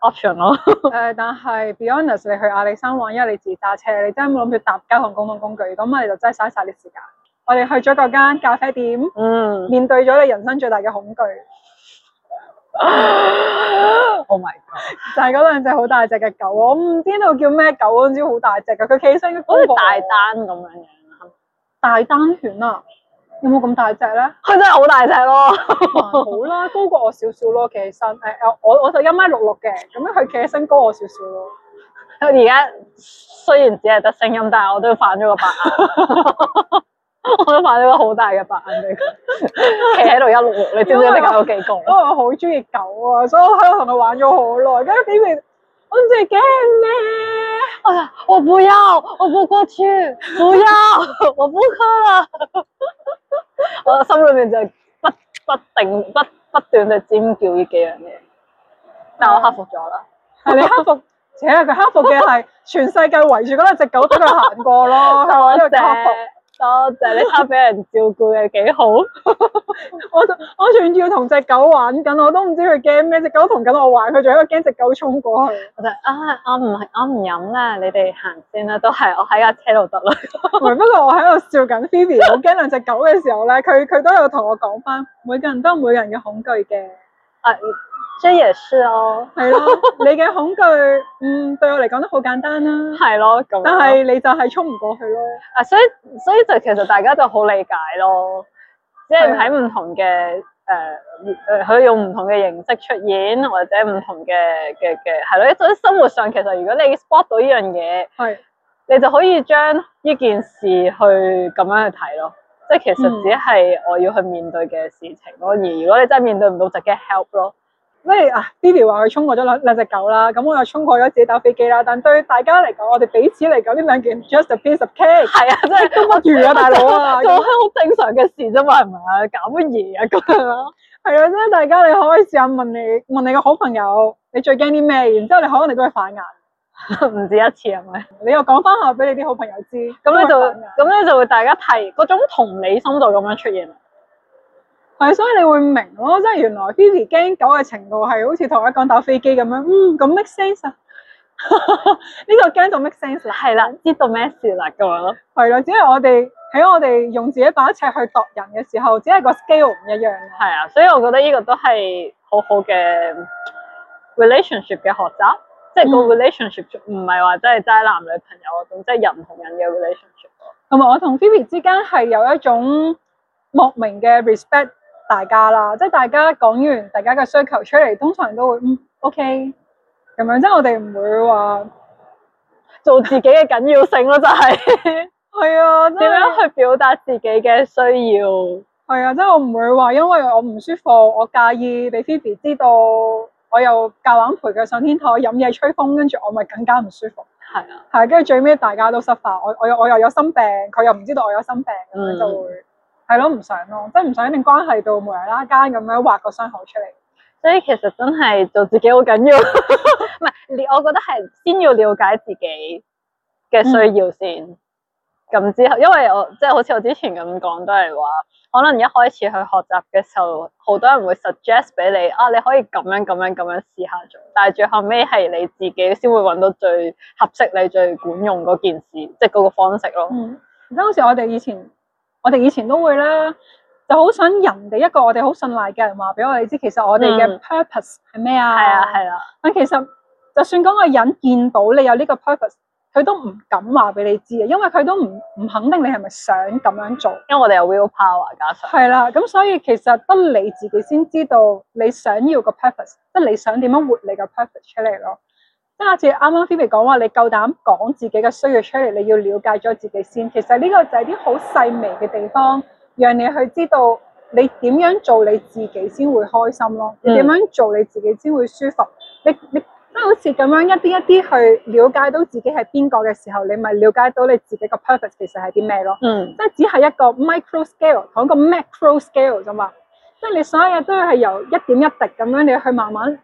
option 咯。誒、呃，但係 be honest，你去阿里山玩，因為你自駕車，你真係冇諗住搭交通交通工具。咁咪就真係嘥晒啲時間。我哋去咗嗰間咖啡店，嗯，面對咗你人生最大嘅恐懼。 oh my god！就係嗰兩隻好大隻嘅狗，我唔知道叫咩狗，嗰知好大隻噶，佢企起身好似大丹咁樣樣。大丹犬啊，有冇咁大隻咧？佢真係好大隻咯， 啊、好啦，高過我少少咯，企起身。誒、哎，我我就一米六六嘅，咁樣佢企起身高我少少咯。而家雖然只係得聲音，但係我都反咗個百啊！ 我都買咗個好大嘅白眼地，企喺度一路，你知唔知你家有幾公？因為因為我好中意狗啊，所以我喺度同佢玩咗好耐，跟住邊邊我最驚咧。哎呀，我唔要，我唔過去，唔要，我唔去啦。 我心裏面就不不定不不斷嘅尖叫呢幾樣嘢，但我克服咗啦。嗯、你克服？且佢克服嘅係全世界圍住嗰隻狗等佢行過咯，係咪 克服。多謝呢次俾 人照顧嘅幾好。我我仲要同隻狗玩緊，我都唔知佢驚咩。隻狗同緊 我玩，佢仲喺度驚隻狗衝過去。我就啊，我唔係我唔飲啦，你哋行先啦，都係我喺架車度得啦。不過我喺度笑緊 Phoebe，我驚兩隻狗嘅時候咧，佢佢都有同我講翻，每個人都有每個人嘅恐懼嘅。哎這也是哦，係 咯，你嘅恐懼，嗯，對我嚟講都好簡單啦、啊，係咯， 但係你就係衝唔過去咯，啊，所以所以就其實大家就好理解咯，即係喺唔同嘅誒誒，佢、呃呃呃、用唔同嘅形式出現，或者唔同嘅嘅嘅係咯，所以生活上其實如果你 spot 到呢樣嘢，係你就可以將呢件事去咁樣去睇咯，即係其實只係我要去面對嘅事情咯，而如果你真係面對唔到，就 get help 咯。即係啊 Phoebe 話佢衝過咗兩兩隻狗啦，咁我又衝過咗自己打飛機啦。但對大家嚟講，我哋彼此嚟講呢兩件，just a piece of cake。係啊，真係都唔住啊，大佬啊，做係好正常嘅事啫嘛，係咪啊？搞乜嘢啊咁樣？係啊，即係大家你可以試下問你問你個好朋友，你最驚啲咩？然之後你可能你都會反眼，唔止一次係咪？ 你又講翻下俾你啲好朋友知，咁咧就咁咧就會大家提嗰種同理心度咁樣出現。係，所以你會明咯，哦，即係原來 Phoebe 驚狗嘅程度係好似同我講打飛機咁樣，嗯，咁 make sense 啊，呢 個驚到 make sense 啦，係啦，知道 m 咩事啦咁樣咯，係咯，只係我哋喺我哋用自己把尺度去度人嘅時候，只係個 scale 唔一樣。係啊，所以我覺得呢個都係好好嘅 relationship 嘅學習，即係個 relationship 唔係話即係齋男女朋友嗰種，即係、嗯、人同人嘅 relationship 同埋我同 Phoebe 之間係有一種莫名嘅 respect。大家啦，即係大家講完大家嘅需求出嚟，通常都會嗯 OK 咁樣，即係我哋唔會話 做自己嘅緊要性咯、就是，就係，係啊，點樣去表達自己嘅需要？係 啊，即係我唔會話，因為我唔舒服，我介意俾 Phoebe 知道，我又夾硬陪佢上天台飲嘢吹風，跟住我咪更加唔舒服。係啊，係跟住最尾大家都失範，我我我又有心病，佢又唔知道我有心病咁樣就會。嗯 係咯，唔想咯，即係唔想，一定關係到無厘啦間咁樣劃個傷口出嚟。所以其實真係做自己好緊要，唔 係，我覺得係先要了解自己嘅需要先。咁之、嗯、後，因為我即係、就是、好似我之前咁講，都係話，可能一開始去學習嘅時候，好多人會 suggest 俾你啊，你可以咁樣咁樣咁樣試下做。但係最後尾係你自己先會揾到最合適你最管用嗰件事，即係嗰個方式咯。嗯，即好似我哋以前。我哋以前都會咧，就好想人哋一個我哋好信賴嘅人話俾我哋知，其實我哋嘅 purpose 係咩、嗯、啊？係啊，係啦。但其實就算嗰個人見到你有呢個 purpose，佢都唔敢話俾你知嘅，因為佢都唔唔肯定你係咪想咁樣做。因為我哋有 willpower，加上係啦。咁、啊、所以其實得你自己先知道你想要個 purpose，即係你想點樣活你嘅 purpose 出嚟咯。即係好似啱啱菲 i f i 講話，你夠膽講自己嘅需要出嚟，你要了解咗自己先。其實呢個就係啲好細微嘅地方，讓你去知道你點樣做你自己先會開心咯，點、嗯、樣做你自己先會舒服。你你即係好似咁樣一啲一啲去了解到自己係邊個嘅時候，你咪了解到你自己嘅 p u r p o s e 其實係啲咩咯？嗯，即係只係一個 micro scale 同一個 macro scale 啫嘛。即、就、係、是、你所有嘢都係由一點一滴咁樣你去慢慢。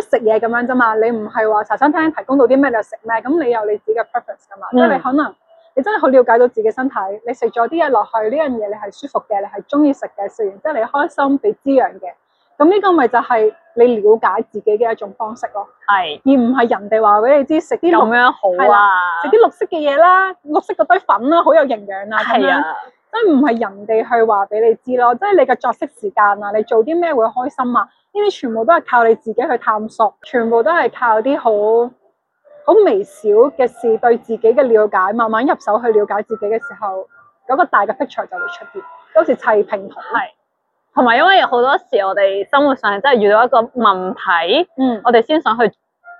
食嘢咁樣啫嘛，你唔係話茶餐廳提供到啲咩你就食咩，咁你有你自己嘅 preference 噶嘛。嗯、即係你可能你真係好了解到自己身體，你食咗啲嘢落去呢樣嘢你係舒服嘅，你係中意食嘅，食完之後你開心，俾滋養嘅。咁呢個咪就係你了解自己嘅一種方式咯。係是。而唔係人哋話俾你知食啲咁樣好啊，食啲綠色嘅嘢啦，綠色嗰堆粉啦，好有營養啊咁的樣。即係唔係人哋去話俾你知咯，即係你嘅作息時間啊，你做啲咩會開心啊？呢啲全部都係靠你自己去探索，全部都係靠啲好好微小嘅事對自己嘅了解，慢慢入手去了解自己嘅時候，嗰、嗰個大嘅 picture 就會出現。都似砌拼圖係，同埋因為好多時我哋生活上真係遇到一個問題，嗯，我哋先想去，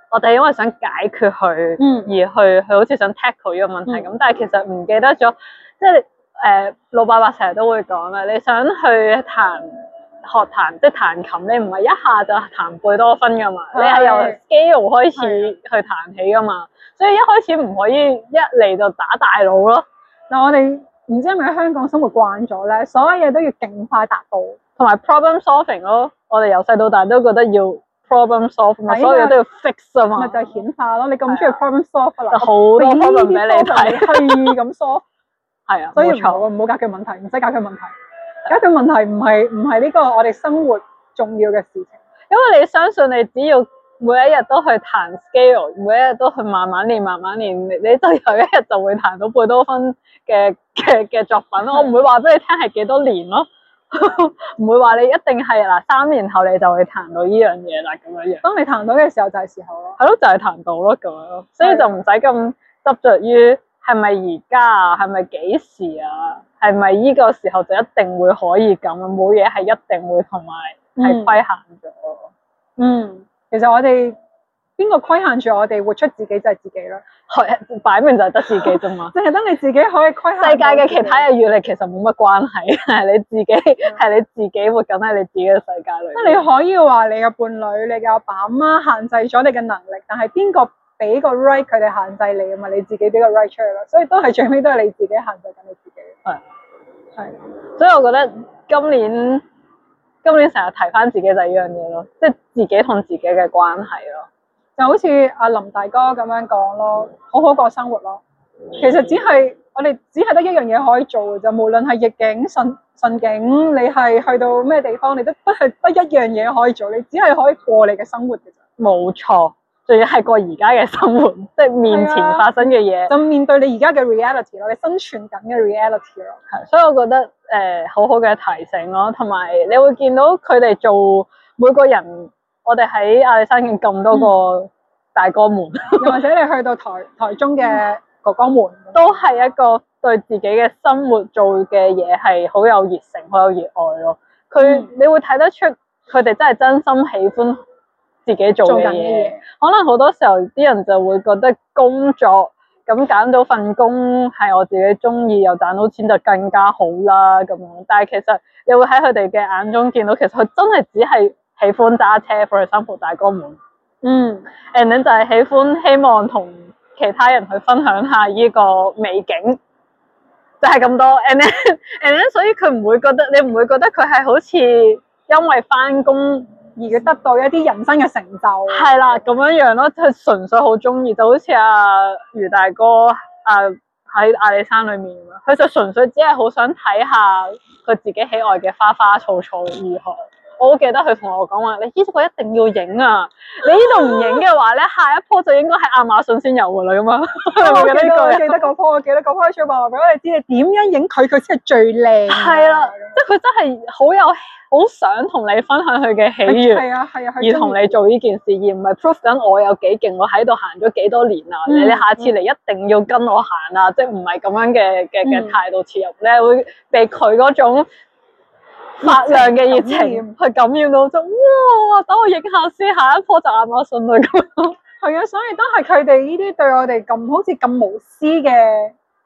我哋因為想解決佢，嗯，而去去好似想 tackle 佢呢個問題咁，嗯、但係其實唔記得咗，即係誒老伯伯成日都會講啦，你想去談。學彈，即係彈琴，你唔係一下就彈貝多芬噶嘛，你係由 scale 開始去彈起噶嘛，的所以一開始唔可以一嚟就打大佬咯。但我哋唔知係咪喺香港生活慣咗咧，所有嘢都要勁快達到，同埋 problem solving 咯。我哋由細到大都覺得要 problem solving，的所有嘢都要 fix 啊嘛。咪就顯化咯，你咁中意 problem solving，就好多 problem 俾你睇，係咁 solve。係啊，冇錯啊，唔好解決問題，唔使解決問題。而家嘅問題唔係唔係呢個我哋生活重要嘅事情，因為你相信你只要每一日都去彈 scale，每一日都去慢慢練、慢慢練，你你都有一日就會彈到貝多芬嘅嘅嘅作品咯。 我唔會話俾你聽係幾多年咯，唔 會話你一定係嗱三年後你就會彈到呢樣嘢啦咁樣樣。當你彈到嘅時候就係時候咯，係咯，就係彈到咯咁樣咯，的所以就唔使咁執着於係咪而家啊，係咪幾時啊？係咪依個時候就一定會可以咁啊？冇嘢係一定會同埋係規限咗。嗯，嗯其實我哋邊個規限住我哋活出自己就係自己啦。係擺明就係得自己啫嘛。淨係得你自己可以規限世界嘅其他嘅閱歷，其實冇乜關係。係、嗯、 你自己，係你自己活緊喺你自己嘅世界裏。咁你可以話你嘅伴侶、你嘅阿爸阿媽限制咗你嘅能力，但係邊個俾個 right 佢哋限制你啊？嘛，你自己俾個 right 出去咯。所以都係最尾都係你自己限制緊你自己。係，係、嗯，的所以我覺得今年，今年成日提返自己就係呢樣嘢咯，即、就、係、是、自己同自己嘅關係咯。就好似阿林大哥咁樣講咯，嗯、好好過生活咯。嗯、其實只係我哋只係得一樣嘢可以做嘅啫，無論係逆境順順境，你係去到咩地方，你都不係得一樣嘢可以做，你只係可以過你嘅生活嘅啫。冇錯。仲要係過而家嘅生活，即係面前發生嘅嘢。咁、啊、面對你而家嘅 reality 咯，你生存緊嘅 reality 咯，係。所以我覺得誒，呃、好好嘅提醒咯、哦。同埋你會見到佢哋做每個人，我哋喺阿里山見咁多個大哥們，或者、嗯、 你去到台台中嘅哥哥們，都係一個對自己嘅生活做嘅嘢係好有熱誠、好有熱愛咯、哦。佢、嗯、你會睇得出佢哋真係真心喜歡。自己做嘅嘢，可能好多時候啲人就會覺得工作咁，揀到份工係我自己中意又賺到錢就更加好啦，咁樣，但係其實，你會喺佢哋嘅眼中見到，其實，佢真係只係喜歡揸車 for example 大哥們，嗯，And then、嗯、就係喜歡希望同其他人去分享下呢個美景，就係、是、咁多。And then And then 所以佢唔會覺得你唔會覺得佢係好似因為翻工，而得到一啲人生嘅成就，係啦咁樣樣咯，佢純粹好中意，就好似阿、啊、余大哥，誒、啊、喺阿里山裏面，佢就純粹只係好想睇下佢自己喜愛嘅花花草草如何。我好記得佢同我講話，你依度一定要影啊！你呢度唔影嘅話咧，啊、你下一鋪就應該喺亞馬遜先有噶啦嘛。 我記得呢句，我記得嗰鋪， 我記得嗰鋪嘅説話俾我哋知，點樣影佢佢先係最靚。係啦、啊，即係佢真係好有，好想同你分享佢嘅喜悅，要同、啊啊、你做呢件事，而唔係 prove 緊我有幾勁，我喺度行咗幾多年啊。嗯、你下次嚟一定要跟我行啊！即係唔係咁樣嘅嘅嘅態度切入咧，你會被佢嗰種發亮嘅熱情去感染到就，哇！等我影下先，下一鋪就亞馬遜啦咁。係啊，所以都係佢哋呢啲對我哋咁好似咁無私嘅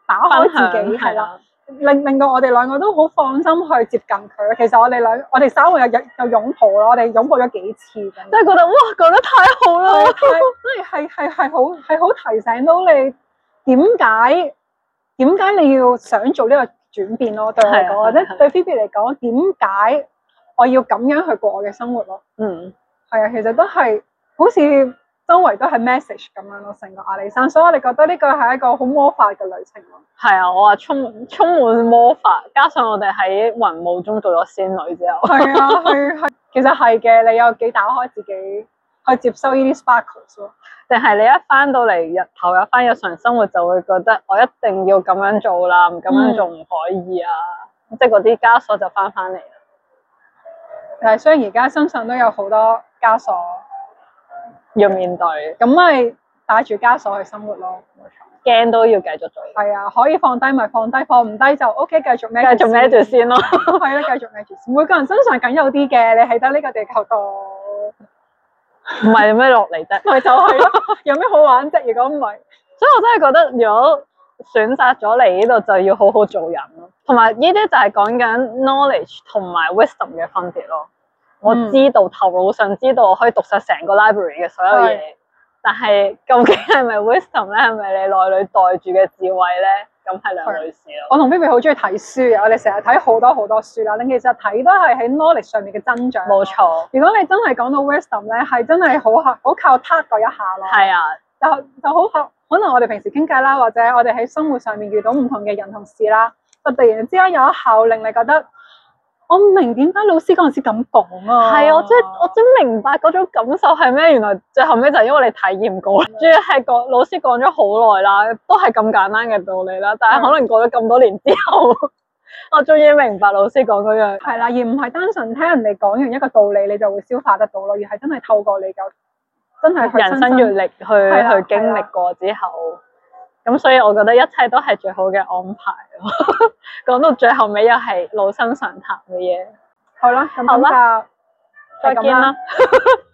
打開自己，係啦，令令到我哋兩個都好放心去接近佢。其實我哋兩我哋稍為又又又擁抱咯，我哋擁抱咗幾次，真係覺得哇，講得太好啦，真係係係係好係好提醒到你點解點解你要想做呢個。轉變咯，對我嚟講，啊、或者對 B B 嚟講，點解、啊、我要咁樣去過我嘅生活咯？嗯，係啊，其實都係好似周圍都係 message 咁樣咯，成個阿里山，所以我哋覺得呢個係一個好魔法嘅旅程咯。係啊，我話充滿充滿魔法，加上我哋喺雲霧中做咗仙女之後，係啊，係係、 啊，其實係嘅，你有幾打開自己？去接收呢啲 sparkles 咯，定係你一翻到嚟日頭有翻日常生活，就會覺得我一定要咁樣做啦，唔咁樣做唔可以啊，即係嗰啲枷鎖就翻返嚟啦。但係，雖然而家身上都有好多枷鎖要面對，咁咪帶住枷鎖去生活咯。冇錯，驚都要繼續做。係啊，可以放低咪放低，放唔低就 OK，繼續孭繼續孭住先咯，繼續孭住先。每個人身上梗有啲嘅，你喺得呢個地球度。唔係有咩落嚟啫，咪 就係咯，有咩好玩啫？如果唔係，所以我真係覺得如果選擇咗嚟呢度就要好好做人咯。同埋呢啲就係講緊 knowledge 同埋 wisdom 嘅分別咯。我知道，嗯、頭腦上知道我可以讀晒成個 library 嘅所有嘢，是但係究竟係咪 wisdom 咧？係咪你內裏袋住嘅智慧咧？咁係兩回事咯。我同 Phoebe 好中意睇書，我哋成日睇好多好多書啦。你其實睇都係喺 knowledge 上面嘅增長。冇錯錯。如果你真係講到 Wisdom 咧，係真係好靠好靠 touch 嗰一下咯。係啊的，就就好可能我哋平時傾偈啦，或者我哋喺生活上面遇到唔同嘅人同事啦，就突然之間有一效令你覺得。我唔明點解老師嗰陣時咁講啊？係啊，即係我真明白嗰種感受係咩。原來最後尾就因為你體驗過，主要係講老師講咗好耐啦，都係咁簡單嘅道理啦。但係可能過咗咁多年之後，我終於明白老師講嗰樣係啦、啊，而唔係單純聽人哋講完一個道理你就會消化得到咯，而係真係透過你夠真係人生閱歷去他他去，去經歷過之後。咁所以，我覺得一切都係最好嘅安排咯。講到最後尾，又係老生常談嘅嘢。好了，好了啦，咁就再見啦，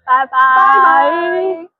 拜 拜 bye。Bye bye